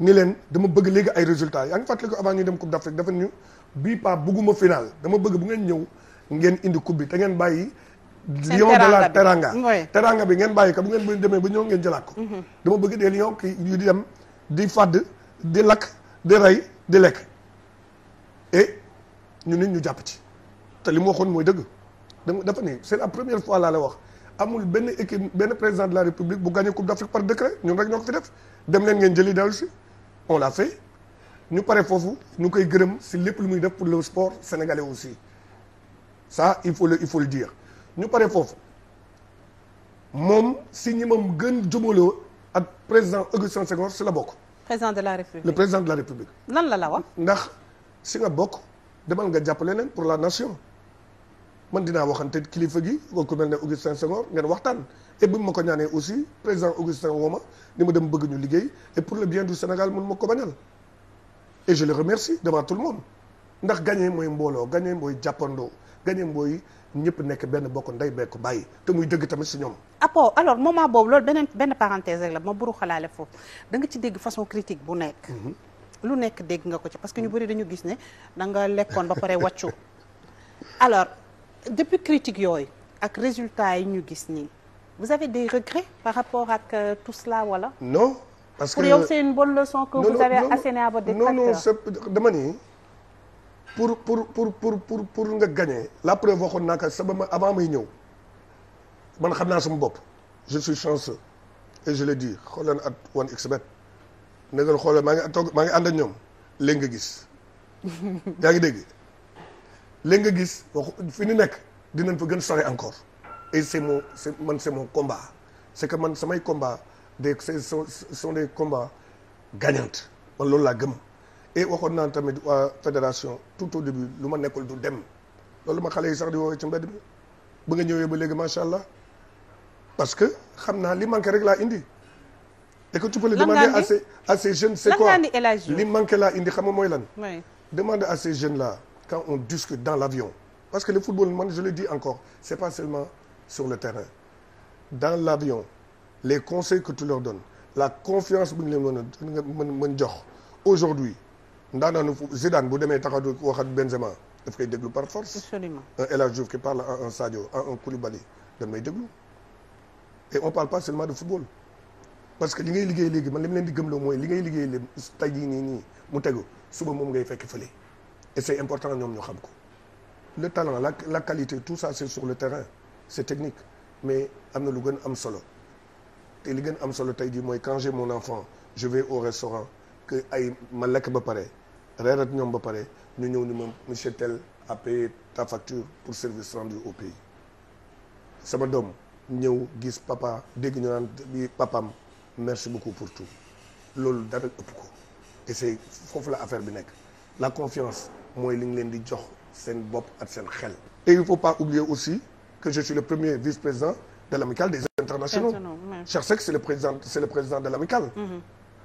ni leen dama bëgg léegi ay résultat yaa ngi fàttali ko avant ñuy dem Coupe d'Afrique dafa ñu bii pas bëgguma final dama bëgg bu ngeen ñëw ngeen indi coupe bi te ngeen bàyyi lion de la teranga teranga bi ngeen bàyyi ka bu ngeen bu demee ba ñëw ngeen jëlaat ko mhm. dama bëgg des lion ki yu di dem di fadd di lakk di rey di lekk et ñu nit ñu jàpp ci te li mu waxoon mooy dëgg dama dafa ni c'est la première fois laa la wax amul benn équipe benn président de la république bu gagné coupe d'Afrique par décret ñun rek ñoo ko fi def dem leen ngeen jëli dellu si on l'a ñu pare foofu ñu koy gërëm si lépp lu muy def pour le sport sénégalais aussi ça il faut le il dire ñu pare foofu moom si ñi moom gën jëmaloo ak président Augustin Senghor si la bokk. président la république le président de la république. lan la la wax. ndax si nga bokk demal nga jàppale leen pour la nation man dinaa waxante kilifa gi ku mel ne Augustin Senghor ngeen waxtaan. et bi ma ko ñaanee aussi président Augustin Woma ni ma dem bëgg ñu liggéey et pour le bien du Sénégal mun ma ko bañal et je le remercie devant tout le monde ndax gagné mooy mbooloo gagné mooy jàppandoo gagné mooy ñëpp nekk benn bokk ndey bee ko bàyyi te muy dëgg tamit si ñoom. apport alors moment boobu loolu beneen benn parenthèse rek la ma buru xalaale foofu da nga ci dégg façon critique bu nekk. Mhm. lu nekk dégg nga ko ci parce que ñu bëri dañu gis ne da nga lekkoon ba pare wàccu alors depuis ak résultat yi ñu gis nii. vous avez des regrets par rapport ak euh, tout cela Voilà. non parce que pour yow c'est une bonne leçon que vous avez assénée à votre détracteur. non dama ni pour pour pour pour pour nga gagner la preuve waxoon naa ko avant may ñëw man xam naa suma bopp je suis chanceux et je le dis xooleen at one xbet ne nga maa ngi ànd ak ñoom léegi nga gis [laughs] yaa ngi dégg léegi nga gis wax fi ñu nekk dinañ fa gën sore encore. et c'est man c'est mon combat c'est que man samay combat des c'est sont sont des combats man loolu laa gëm et waxoon naa tamit waa fédération tout au début lu ma nekkul du dem loolu ma xale yi sax di woowee ci mbedd mi ba nga ñëwee ba léegi macha allah parce que xam naa li manqué rek laa indi. et que tu peux le demander à ces à li manqué laa indi xam nga mooy lan. demander à ces jeunes là quand on discute dans l'avion parce que le football man je le dis encore c'est pas seulement. sur le terrain dans l'avion les conseils que tu leur donnes la confiance bu ñu leen mën a nga mën mën jox aujourd'hui ndaanaanu Zidane bu demee taxadu wax ak Benzema daf koy déglu par force absolument un El Hadji Diouf qui parle à un Sadio à un Koulibaly dañ may déglu et on parle pas seulement de football parce que li ngay liggéey léegi man li mu leen di gëmloo mooy li ngay liggéey léegi tey jii nii mu tegu suba moom ngay fekk fële et c'est important ñoom ñu xam ko le talent la la qualité tout ça c'est sur le terrain c'est technique mais am na lu gën am solo te li gën am solo tey jii mooy quand j'ai mon enfant je vais au restaurant que ay ma lekk ba pare reer ak ñoom ba pare ñu ñëw ni ma monsieur tel a payé ta facture pour service rendu au pays sama doom ñëw gis papa dégg ñu naan papam merci beaucoup pour tout loolu dara ëpp ko et c'est foofu la affaire bi nekk la confiance mooy li ñu leen di jox seen bopp ak seen xel il faut pas oublier aussi que je suis le premier vice-président de l'amicale des internationaux. Cheikh Seck, c'est le président c'est le président de l'amicale mm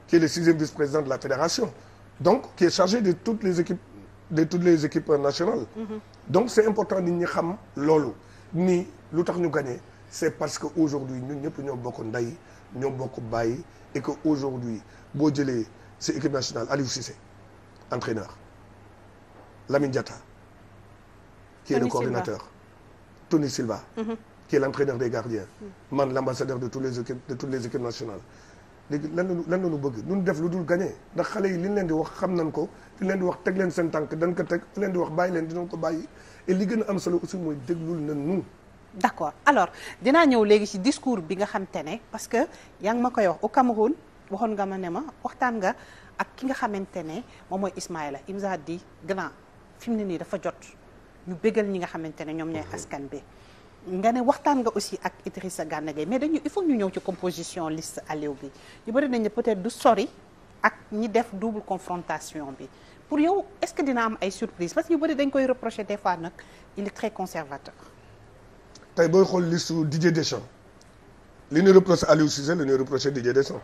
qui est le sixième vice-président de la fédération. Donc qui est chargé de toutes les équipes nationales. Mhm. Donc c'est important nit ñi xam loolu ni lu tax ñu gagné c'est parce que aujourd'hui ñun ñëpp ñoo bokk ndey ñoo bokk bàyyi et que aujourd'hui boo jëlee c'est équipe nationale Aliou Cissé entraîneur Lamine Diatta qui est le coordinateur Tony Silva. Mhm. qui est l'entraîneur des gardiens. Mhm. man l'ambassadeur de tous les équipes de toutes les équipes nationales. léegi lan la lan la def lu dul gagné ndax xale yi li leen di wax xam nañ ko li leen di wax teg leen seen tànk dañ ko teg leen di wax bàyyi leen dinañ ko bàyyi li gën a am solo aussi mooy déglul na nu. d' alors dinaa ñëw léegi ci discours bi nga xam te ne parce que yaa ngi ma koy wax au Cameroun waxoon nga ma ne ma waxtaan nga ak ki nga ñu bégal ñi nga xamante ne ñoom ñooy askan bi nga ne waxtaan nga aussi ak Idrissa Gana Gueye mais dañu il faut ñu ñëw ci composition liste Aliou bi ñu bëri nañ ne peut-être du sori ak ñi def double confrontation bi pour yow est-ce que dina am ay surprise parce que ñu bëri dañ koy reprocher des fois nag il est très conservateur tey booy xool liste Didier Deschamps li ñu reproché Aliou Cissé li ñu reproché Didier Deschamps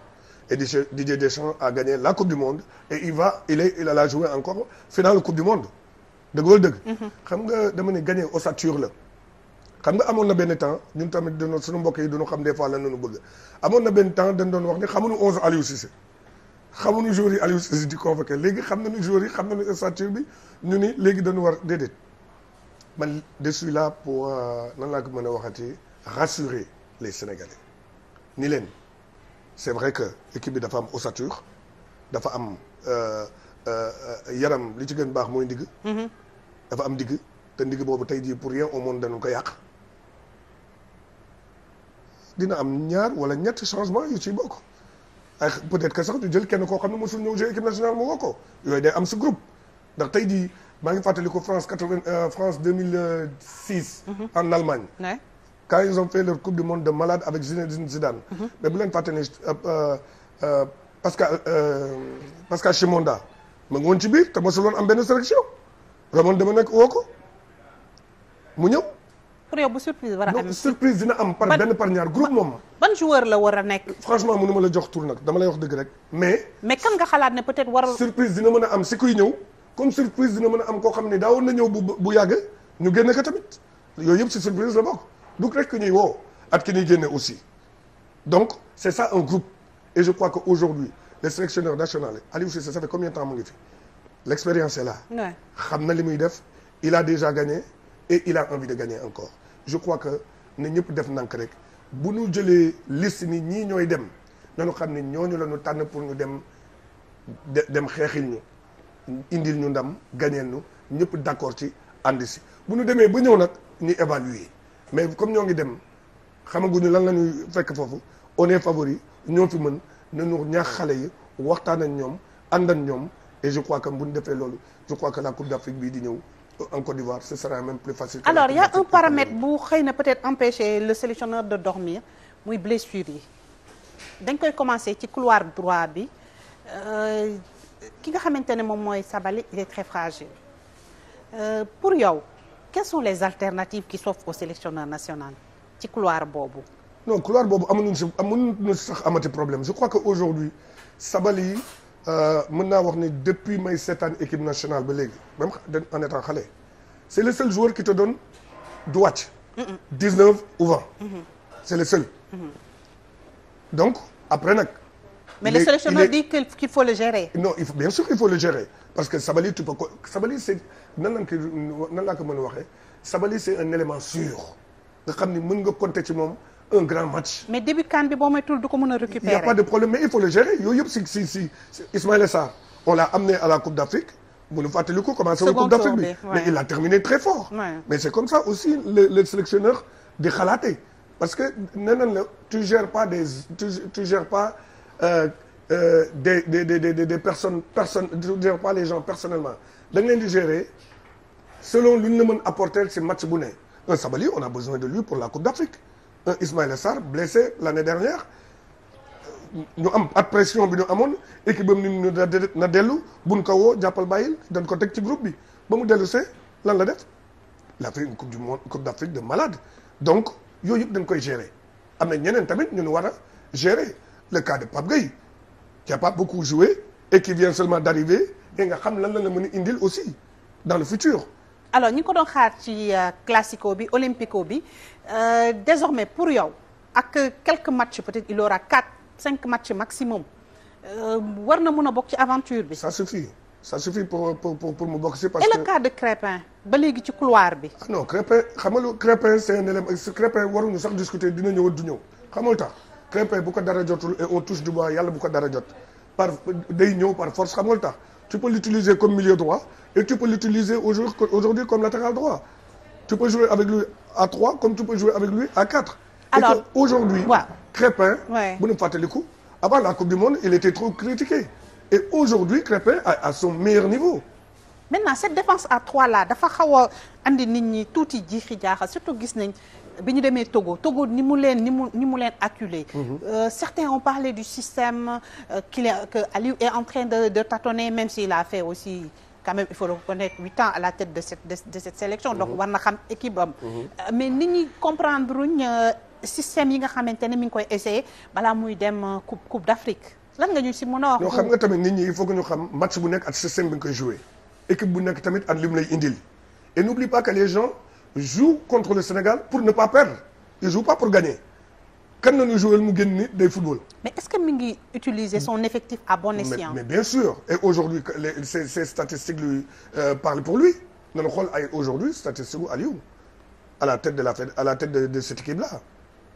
et Didier Deschamps a gagné la Coupe du Monde et il va il est il la joué encore finale Coupe dëgg wala dëgg. Mhm. xam nga dama ne gagné ossature la. xam nga amoon na benn temps ñun tamit dañoo suñu mbokk yi dañoo xam des fois lan la ñu bëgg amoon na benn temps dañ doon wax ne xamuñu 11 Aliou xam xamuñu joueurs yi Aliou Cissé di convoqué léegi xam nañu joueurs yi xam na nañu ossature bi ñu ni léegi dañu war déedéet man je suis là pour euh, nan laa ko mën a waxati rassurer les Sénégalais ni leen c'est vrai que équipe bi dafa am ossature dafa am. Euh, Euh, euh, yaram li ci gën baax mooy ndigg mhm. dafa am ndigg te ndigg boobu tey jii pour rien au monde dañu ko yàq dina am ñaar wala ñetti changement yu ci bokk ay peut-être que sax ñu jël kenn koo xam ne mosul ñëw jouer équipe nationale mu woo ko yooyu day am si groupe ndax tey jii maa ngi fàttali ko France quatre-vingt euh, France deux mille six mhm. en Allemagne quand ils ont fait leur coupe du monde de malade avec Zinedine Zidane mhm. mais bu leen fàttali Pascal Pascal ma ngi woon ci biir te mosul woon am benn sélection Ramone dama nekk woo ko mu ñëw. pour yow bu surprise war a am surprise dina am par benn par ñaar groupe moom ban joueur la war a nekk. franchement mënu ma la jox tour nag dama lay wax dëgg rek mais. mais kan nga xalaat ne peut-être war surprise dina mën a am si kuy ñëw comme surprise dina mën a am koo xam ne daawoon na ñëw bu bu yàgg ñu génne ko tamit yooyu yëpp si surprise la bokk du rek ñuy woo at ki ñuy génne aussi donc c'est ça un groupe je crois que aujourd'hui le sélectionneur national Aliou Cissé ça fait combien de temps mu ngi fi l' expérience xam na li muy def il a déjà gagné et il a envie de gagner encore je crois que ne ñëpp def nank rek bu ñu jëlee liste ni ñii ñooy dem nañu xam ne ñooñu la ñu tànn pour ñu dem dem xeexil ñu indil ñu ndam gañeel ñu ñëpp d' accord ci ànd si bu nu demee ba ñëw nag ñu évaluer mais comme ñoo ngi dem xamaguñu lan la ñuy fekk foofu on est favori ñoo fi mën nañu ñaax xale yi waxtaan ak ñoom ànd ak ñoom et je crois que bu ñu defee loolu je crois que la Coupe d'Afrique bii di ñëw en Côte d'Ivoire ce sera même plus facile. alors y un paramètre bu xëy na peut-être empêcher le sélectionneur de dormir muy blessure yi dañ koy commencer ci couloir droit bi euh, ki nga xamante ne moom mooy Sabaly il est très fragile euh, pour yow quelles sont les alternatives qui s'offrent au sélectionneur national ci couloir boobu. non couloir boobu amuñu si amuñu sax amati problème je crois que aujourd'hui sabal yi euh, mën naa wax ni depuis may seetaan équipe nationale ba léegi même en étant xale le seul joueur qui te donne du wàcc. 19 ou 20. c' est le seul. Mm-hmm. donc après nag. mais le sélectionneur dit qu'il faut le gérer. parce que Sabali tu peux ko Sabali c' est nan la ko a waxee Sabali c' un élément sûr nga ni mën nga compter ci moom. un grand match. mais début CAN a récupérer. il y a pas de problème mais il faut le gérer yooyu si Ismaïla Sarr on l'a amené à la Coupe d'Afrique mu nu fàttali ko commencé wu Coupe d'Afrique bi mais il a terminé très fort. mais c'est comme ça aussi le sélectionneur di xalaate parce que nee nañ la tu gères pas des tu tu gères pas euh, euh, des des des des des personnes personnes tu gères pas les gens personnellement da nga leen di gérer selon lu ñu la mën apporter ci match bu ne un Sabaly on a besoin de lui pour la Coupe d'Afrique. un euh, Ismaïla Sarr blessé l'année dernière ñu am at pression bi ñu amoon équipe bam ni ñu na dellu buñ ko woo jàppal bàyyil dañ ko teg ci groupe bi ba mu dellu see lan la def la fait une coupe du monde coupe d'Afrique de malade donc yooyu yëpp dañ koy gérer am na ñeneen tamit ñu war a gérer le cas de Pape Gueye qui a pas beaucoup joué et qui vient seulement d'arriver nga xam lan la nga mën a indil aussi dans le futur alors ñu ngi ko doon xaar ci euh, classico bi olympico bi euh, désormais pour yow ak quelques matchs peut-être il aura quatre cinq matchs maximum euh, war na mun a bokk ci aventure bi. ça su ça suffit pour pour pour, pour mu bokk si parce que. et le cas de Crépin ba léegi ci couloir bi. ah non Crépin xam nga lu Crépin c'est un élément si Crépin waruñu discuter dina ñëw du ñëw xam nga lu tax Crépin bu ko dara jotul et on touche du bois yàlla bu ko dara jot par day ñëw par force xam nga lu tax. tu peux l'utiliser comme milieu droit et tu peux l'utiliser aujourd'hui à 3 comme tu peux jouer avec lui à 4. alors et que aujourd'hui. waaw Crépin. oui bu ñu fàttaliku avant la coupe du monde il était trop critiqué et aujourd'hui Crépin à à son meilleur niveau. maintenant cette défense à 3 là dafa xaw a andi nit ñi tuuti jiixi jaaxa surtout gis nañ bi ñu demee Togo Togo ni mu leen ni mu ni mu leen acculé. Mhm. Euh, certains ont parlé du système euh, qu'il est, que Aliou est en train de de tâtonner même s'il a fait aussi. quand même il faut reconnaître huit ans à la tête de cette de, de cette sélection donc mhm. war na xam équipe am mhm. euh, mais nit ñi comprendre uñ euh, système yi nga xamante ne mi ngi koy essayer balaa muy dem euh, coupe coupe d'Afrique lan nga ñu si mën a wax. non xam nga tamit nit ñi il faut que ñu xam match bu nekk ak système bi nga koy jouer équipe bu nekk tamit ak li mu lay indil et n'oublie pas que les gens jouent contre le Sénégal pour ne pas perdre ils jouent pas pour gagner kan nañu joué mu génn ni day football. mais est-ce que mi utiliser son effectif à bon escient. mais, bien sûr et aujourd'hui les ces lui euh, pour lui nañu xool ay aujourd'hui statistique gu Aliou à la tête de la à la tête de de cette équipe là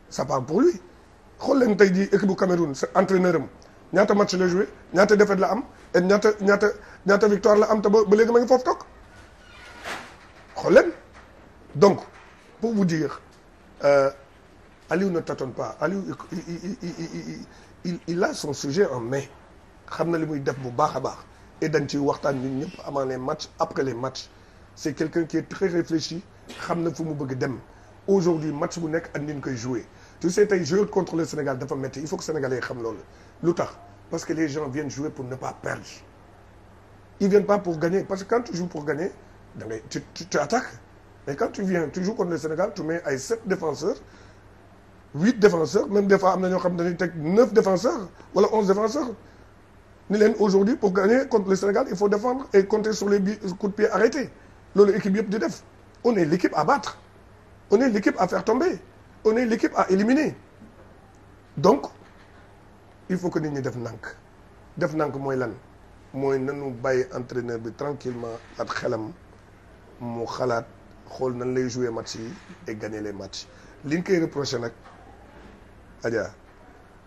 ça parle pour lui xool leen tey jii équipe bu Cameroun sa entraîneur am ñaata match la joué la am et ñaata ñaata ñaata victoire la am te ba ba léegi ma ngi foofu toog xool leen donc pour vous dire. Euh, Aliou ne tâtonne pas Aliou il a son sujet en main xam na li muy def bu baax a baax et dañ ciy waxtaan ñun ñëpp amaan les matchs après les matchs c'est quelqu'un qui est très réfléchi xam na fu mu bëgg dem aujourd'hui match bu nekk ak ni ñu koy jouer tu sais tey jouer contre le Sénégal dafa métti il faut que sénégalais xam loolu lu tax parce que les gens viennent jouer pour ne pas perdre ils viennent pas pour gagner parce que quand tu joues pour gagner da ngay tu tu attaques mais quand tu viens ay sept défenseurs huit défenseurs même des fois am na ñoo xam ne dañuy teg neuf défenseurs wala onze défenseurs ni leen aujourd'hui pour gagner contre le Sénégal il faut défendre et compter sur les coups de pied arrêtés loolu équipe yëpp di def one est l'équipe à battre one est l'équipe à faire tomber on est l'équipe à éliminer donc il faut que ni ñi def nànk def nànk mooy lan mooy nanu bàyyi entraîneur bi tranquillement at xelam mu xalaat xool nan lay jouer match yi et gagner les matchs li ñu koy reproché nag Adja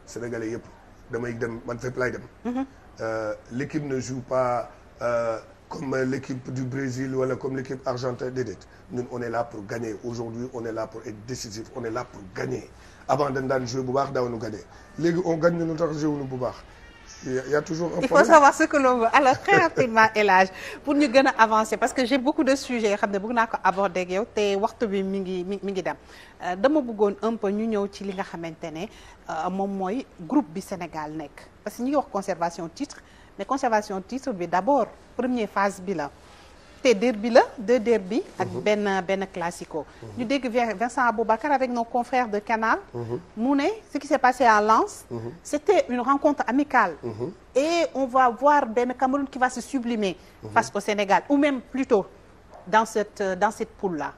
sénégalais yëpp damay dem man fépp laay dem. Mhm. Euh, l'équipe ne joue pas euh, comme l'équipe du Brésil wala comme l'équipe argentine déedéet ñun on est là pour gagner aujourd'hui on est là pour être décisif on est là pour gagner avant dañ daan jouer bu baax daawuñu gagner léegi on gagne ñu tax joué wuñu bu baax. il y a toujours faut savoir ce que l'on veut alors très rapidement [laughs] El pour ñu gën a avancer parce que j'ai beaucoup de sujets yoo xam ne bëgg naa ko aborder yow te waxtu bi mi ngi mi ngi dem euh, dama bëggoon un peu ñu ñëw ci li nga xamante ne euh, moom mooy groupe bi Sénégal nekk parce que ñu ngi wax conservation titre mais conservation titre bi d'abord première phase bi la c'était derby la deux derby ak mhm. benn benn classico mhm. ñu dégg Vincent Aboubakar avec nos confrères de Canal mhm. mu ne ce qui s'est passé à Lens c'était une rencontre amicale et on va voir benn Cameroun qui va se sublimer face au Sénégal ou même plutôt dans cette dans cette poule là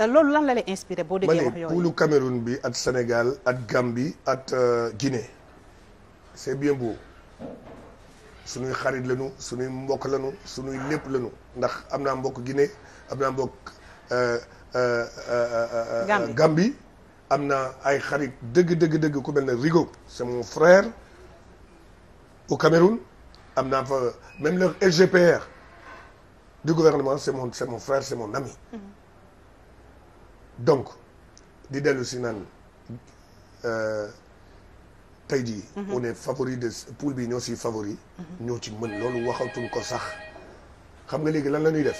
euh, loolu lan la lay inspiré boo déggee wax yooyu poulu Cameroun bi ak Sénégal ak Gambie ak euh, Guinée c'est bien beau sunuy xarit lañu sunuy mbokk lañu sunuy lépp lañu ndax am naa mbokk Guinée am naa mbokk euh, euh, euh, Gambie am na ay xarit dëgg dégg dëgg ku mel ne Rigo c'est mon frère au Cameroun am naa fa même le LGPR du gouvernement c'est mon c'est frère c'est mon ami mm-hmm. donc di dellu si naan tey jii. Mhm. on favori de poul bi ñoo si favori. Mhm. ñoo ci mën loolu waxatuñ ko sax xam nga léegi lan la ñuy def.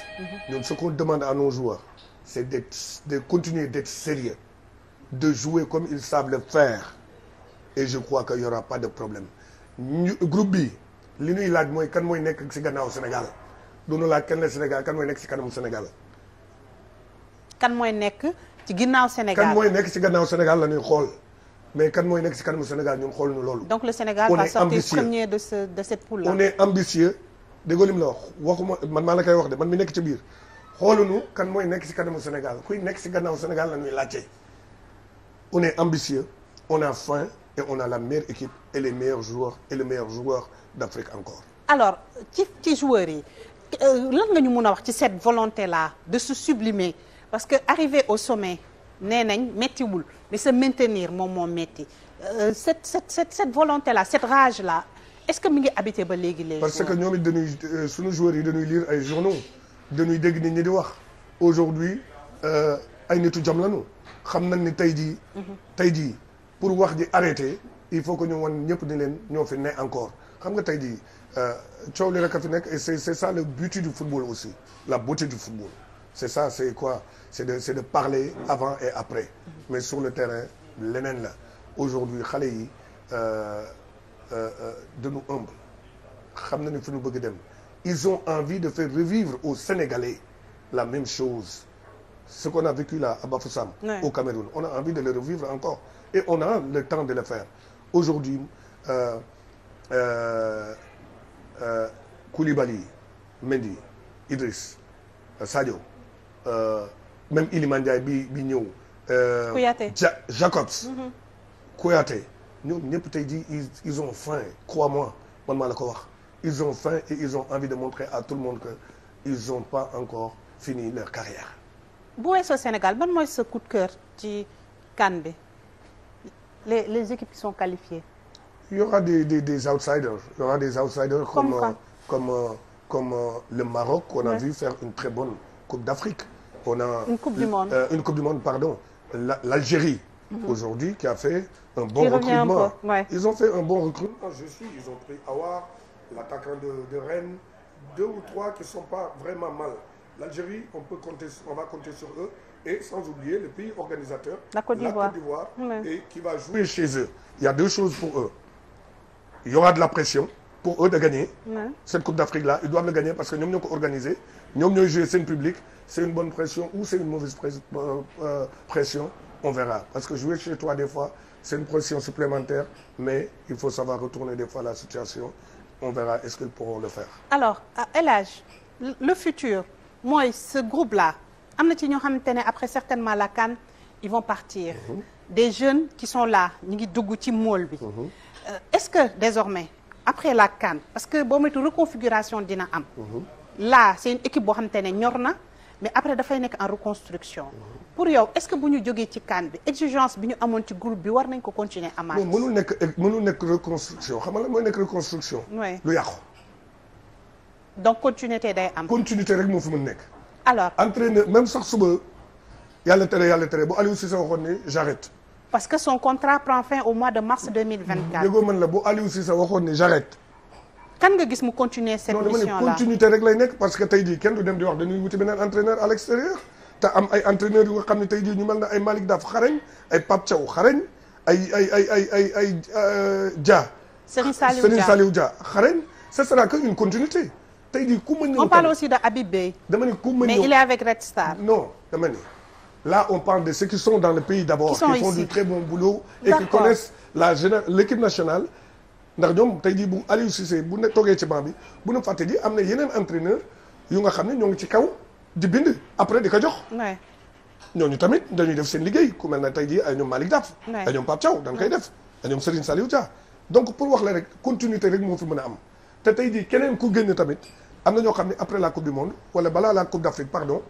ñoom mhm. ce qu'on demande à nos joueurs. c'est d'être de continuer d'être sérieux de jouer comme ils savent le faire et je crois que y aura pas de problème groupe bi li ñuy laaj mooy kan mooy nekk ci gannaaw Sénégal doonu kan la Sénégal kan mooy nekk ci kanamu Sénégal. kan mooy nekk ci ginnaaw Sénégal mooy nekk ci gannaaw Sénégal la ñuy xool. mais kan mooy nekk ci kanamu Sénégal ñun xool nu loolu. donc le Sénégal va sortir premier de cette poule là. on est ambitieux dégg la wax waxuma man ma la koy wax de man mi nekk ci biir xooluñu kan mooy nekk ci kanamu Sénégal ku nekk ci gannaaw Sénégal la ñuy laajte. on est ambitieux on a faim et on a la meilleure équipe et les meilleurs joueurs et les meilleurs joueurs d'Afrique encore. alors ci ci joueurs yi euh, lan nga ñu mun a wax ci cette volonté là de se sublimer parce que arriver au nee nañ méttiwul mais se maintenir moom moo métti euh, cette cette cette cette volonté là cette rage la est-ce que mi ngi habité ba léegi léegi. parce que ñoom it euh, suñu joueurs yi dañuy liir ay journaux dañuy dégg nit ñi di wax aujourd'hui euh, ay nitu jam lañu xam na ni tey jii. Mhm. tey jii pour wax ji arrêté il faut que ñu wan ñëpp ni leen ñoo fi ne encore xam nga tey jii coow li rek a fi nekk et c'est c'est ça le but du football aussi la beauté du football c'est ça c'est quoi. c'est de c'est de parler avant et après mais sur le terrain leneen la aujourd'hui xale yi euh, euh, euh, dañu ëmb xam na ne fu ñu bëgg dem ils ont envie de faire revivre aux Sénégalais la même chose ce qu'on a vécu là à Bafoussam ouais. au Cameroun on a envie de le revivre encore et on a le temps de le faire aujourd'hui euh, euh, euh, Koulibaly Mendy Idriss Sadio même Iliman bi bi ñëw. Euh, Kouyaté ja Jacobs. Mhm. Kouyaté ñoom ñëpp jii ils ils ont faim crois-moi man maa la ko wax ils ont faim et ils ont envie de montrer à tout le monde que ils ont pas encore fini leur carrière. bu weesoo Sénégal ban mooy sa coup de cœur ci CAN les équipes qui sont qualifiées. il y aura des outsiders comme comme euh, euh, le Maroc. qu'on a ouais. faire une très bonne Coupe d'Afrique. on a une coupe du monde euh, une coupe du monde pardon l'Algérie mm -hmm. aujourd'hui qui a fait un bon qui recrutement un peu, ouais. ils ont fait un bon recrutement je suis ils ont pris Aouar l'attaquant de, de Rennes deux ou trois qui sont pas vraiment mal l'Algérie on peut compter on va compter sur eux et sans oublier le pays organisateur la Côte d'Ivoire oui. et qui va jouer chez eux il y a deux choses pour eux il y aura de la pression pour eux de gagner. Ouais. cette Coupe d'Afrique là ils doivent la gagner parce que ñoom ñoo ko organiser ñoom ñooy c'est une bonne pression ou c'est une mauvaise euh, euh, pression on verra parce que jouer chez toi des fois c'est une pression supplémentaire mais il faut savoir retourner des fois la situation on verra est-ce qu'ils pourront le faire. alors El groupe là am na ci ñoo xamante ne après certainement la CAN ils vont partir. Mm des jeunes qui sont là ñu ngi dugg ci mool bi. Mhm. Euh, est-ce que désormais après la CAN parce que boo moytu reconfiguration dina am. Mhm. là c'est une équipe boo xamante ne ñor na mais après dafay nekk en reconstruction. Mhm. pour yow est-ce que bu ñu jógee ci CAN bi exigence bi ñu amoon ci groupe bi war nañ ko continuer amaat. non mënul nekk mënul nekk reconstruction xam nga lan mooy nekk reconstruction. lu yàqu. donc continuité day am. continuité rek moo fi mën nekk. alors entraîneur même sax suba yàlla tere yàlla tere bu Aliou Cissé waxoon ni parce que son contrat prend fin au mois de mars 2024. déggoo man la bu Aliou Cissé waxoon ni j'arrête. kan nga gis mu continuer cette mission là non dama ne continuité rek lay nekk parce que tey jii kenn du dem di wax dañuy wuti beneen entraîneur à l'extérieur te am ay entraîneurs yu nga xam ne tey jii ñu mel ay Malick Daf xarañ ay Pape Thiaw xarañ ay ay ay ay ay ay euh, Dia. Serigne Saliou Dia Serigne Saliou Dia xarañ ce sera que on parle aussi de Habib Beye. dama ne ku mën mais il est avec Red Star. non la on parle de ceux qui sont dans le pays d'abord, qui, qui font du très bon boulot et qui connaissent la l'équipe nationale. ndax ñoom tey jii bu Aliou Cissé bu ne toogee ci banc bi bu ñu fàtte ji am na yeneen entraîneur yu nga xam ne ñoo ngi ci kaw di bind après di ko jox. ñooñu tamit dañuy def seen liggéey ku mel tey jii ay ñoom Malick Daf. ay ñoom Pape Thiaw dañ koy def ay ñoom Serigne Saliou Dia. donc pour wax la rek continuité rek moo fi mën a am te tey jii keneen ku génn tamit am na ñoo xam ne après la coupe du monde wala balaa la coupe d'Afrique pardon.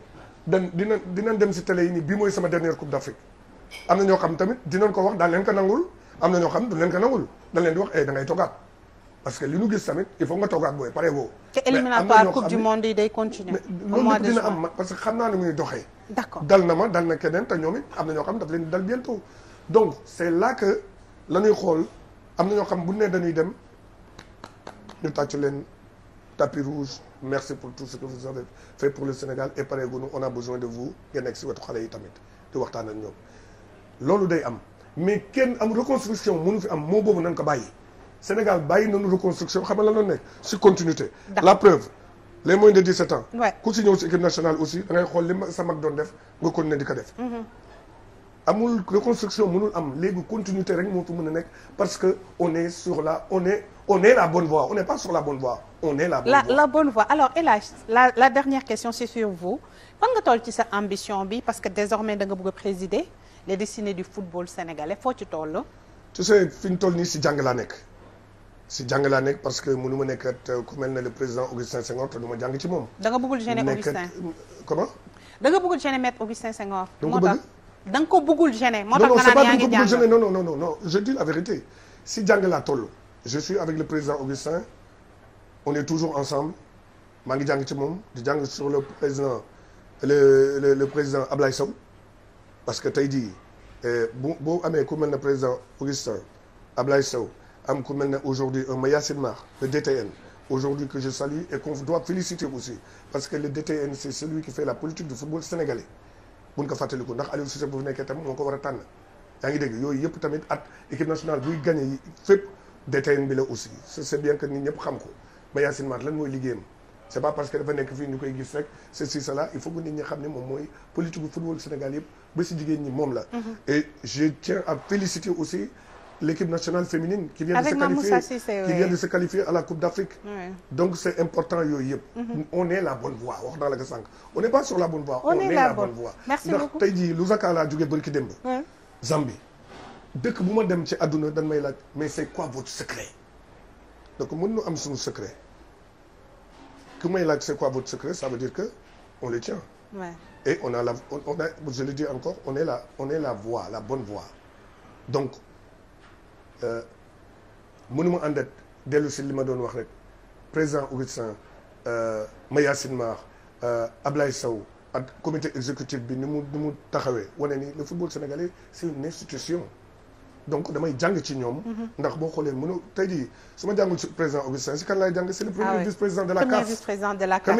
dan dina dinañ dem si télé yi nii bii mooy sama dernière coupe d' Afrique am na ñoo xam tamit dinañ ko wax daan leen ko nangul am na ñoo xam du leen ko nangul dañ leen di wax eh da ngay toggaat parce que li ñu gis tamit il faut nga toggaat booy pare woo. te éliminatoire coupe du dina am parce que xam naa ne muy doxee. d' accord dal na ma dal na keneen te ñoom it am na ñoo xam daf leen dal bientôt donc c' est là que la ñuy xool am na ñoo xam bu nee dañuy dem ñu tàccu leen. tapis rouge merci pour tout ce que vous avez fait pour le Sénégal et pareegunu on a besoin de vous ngeen nekk si wetu xale yi tamit di waxtaan ak ñoom loolu day am mais kenn am reconstruction mënu fi am moo boobu nañ ko bàyyi Sénégal bàyyi nañu reconstruction xam la noonu nekk si continuité la preuve les moins de 17 ans ku si ñëw si équipe nationale aussi da xool sa mag def nga continuer di ko def mm-hmm. amul reconstruction mënul am léegi continuité a on est la bonne voie on n'est pas sur la bonne voie on est la bonne voie alors El Hadj question c'est sur vous parce que désormais da nga bëgg a présider les destinées du football sénégalais foo ci toll. tu sais fi ñu toll si jàng nekk si jàng laa nekk parce que mënu ma nekkat euh, ku mel ne le président Augustin Senghor te du ma jàng ci moom. nga bëggul gêner Augustin euh, comment. da nga bëggul gêner maître Augustin Senghor. moo tax da nga ko bëggul gêner. moo tax non non non non je dis la vérité si jàng laa toll. je suis avec le président Augustin on est toujours ensemble maa ngi jàng ci moom di jàng sur le président le président Ablaye Sow parce que tey jii eh, bu boo amee ku mel ne président Augustin Ablaye Sow am ku mel ne aujourd'hui un Mayacine Mar le DTN aujourd'hui que je salue et qu'on doit féliciter aussi parce que le DTN c'est celui qui fait la politique du football sénégalais buñ ko fàttaliku ndax Aliou Cissé bu fi nekkee tam moo ko war a tànn yaa ngi dégg yooyu yëpp tamit at équipe nationale buy détaillant bi la aussi c'est bien que nit ñëpp xam ko ba Yacine Mar mooy liggéeyam c'est pas parce que dafa nekk koy gis rek ceci cela il faut que nit ñi xam ne moom mooy politique bu football Sénégal yëpp ba si jigéen ñi la. Mm-hmm. et je tiens à féliciter aussi l'équipe nationale féminine. qui vient de se qualifier qui vient de se qualifier à la Coupe d'Afrique. donc c'est important yooyu yëpp. Mm-hmm. on est la bonne voie wax naa la ko sànq. on n'est pas sur la bonne voie. on est la bonne voie merci beaucoup ndax tey jii Lusaka laa dëkk bu ma dem ci àdduna dañ may laaj mais c'est quoi votre secret donc mën nu am suñu secret ku may laaj c'est quoi votre secret ça veut dire que on le tient ouais. on a la on, on a je le dis encore on est la on la voie la bonne voie donc euh, mënuma ànd ak dellu si li ma doon wax rek président Augustin euh, Mayacine Mar euh, Ablaye Sow ak comité exécutif bi ni mu ni taxawee wane ni le football sénégalais c'est une institution donc damay jàng ci ñoom. Mhm. ndax boo xoolee mënu tey jii su ma jang ci président Augustin si kan laay jàng c'est le premier ah vice président de la CAF. premier vice président de la CAF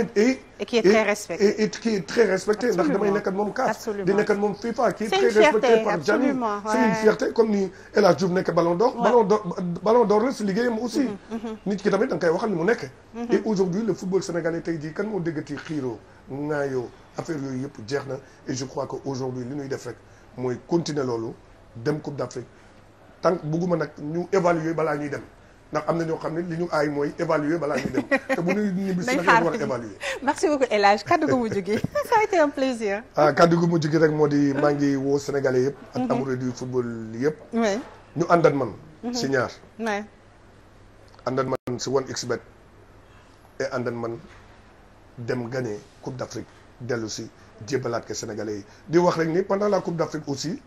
moom CAF. di moom FIFA qui est très c'est une fierté comme ni El nekk Ballon d'or. Ballon d'or Ballon d'or la si liggéeyam aussi. Mhm, mhm. nit ki tamit da koy waxal ni mu nekk. et aujourd'hui le football sénégalais tey jii kan moo déggati xiiroo ŋaayoo affaire yooyu yëpp jeex na et je crois que aujourd'hui li ñuy def rek mooy continuer loolu dem Coupe d'Afrique tant bugguma nag ñu évaluer balaa ñuy dem ndax am na ñoo xam ne li ñu aay mooy évaluer balaa ñuy dem te bu ñuy ñibbi si nag war a évaluer [laughs] merci beaucoup El kaddu gu mujj gi [laughs] ça a été un plaisir ah kaddu gu mujj gi rek moo di maa ngi woo sénégalais yëpp ak mhm. amoureux du football yëpp ñu àndan mhm. man si ñaar àndan man si 1xBet et àndan dem gagner coupe d'Afrique dellu si jébbalaat ko sénégalais yi di wax rek ni pendant la coupe d'Afrique aussi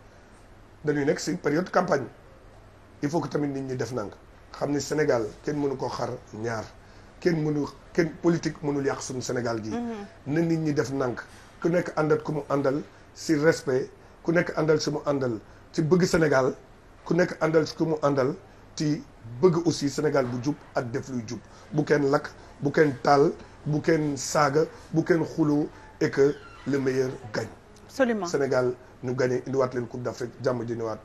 dañuy nekk si période campagne il faut que tamit nit ñi def nank xam ni Sénégal kenn mënu ko xar ñaar kenn mënu kenn politique mënul yàq suñu Sénégal ji mhm. na nit ñi def nank ku nekk àndal ku mu àndal si respect ku nekk àndal si mu àndal ci bëgg Sénégal ku nekk àndal si ku mu àndal ci bëgg aussi Sénégal bu jub ak def luy jub bu kenn lakk bu kenn taal bu kenn saaga bu kenn xuloo et que le meilleur gagne. absolument Sénégal ñu gagné indiwaat leen Coupe d'Afrique jàmm ji ñëwaat.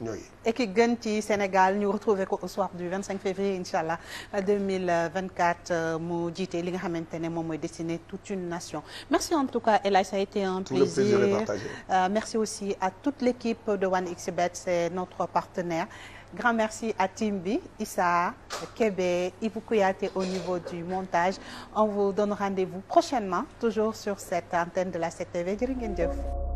ñooy et ki gën ci Sénégal ñu retrouver ko au soir du 25 février incha allah 2024 mu jiite li xamante ne moom mooy dessiner toute une nation merci en tout cas El Hadj ça a été un tout plaisir le plaisir est partagé euh, merci aussi à toute l'équipe de 1xBet c'est notre partenaire grand merci à au niveau du montage on vous donne rendez-vous prochainement toujours sur cette de la 7TV ngeen jëf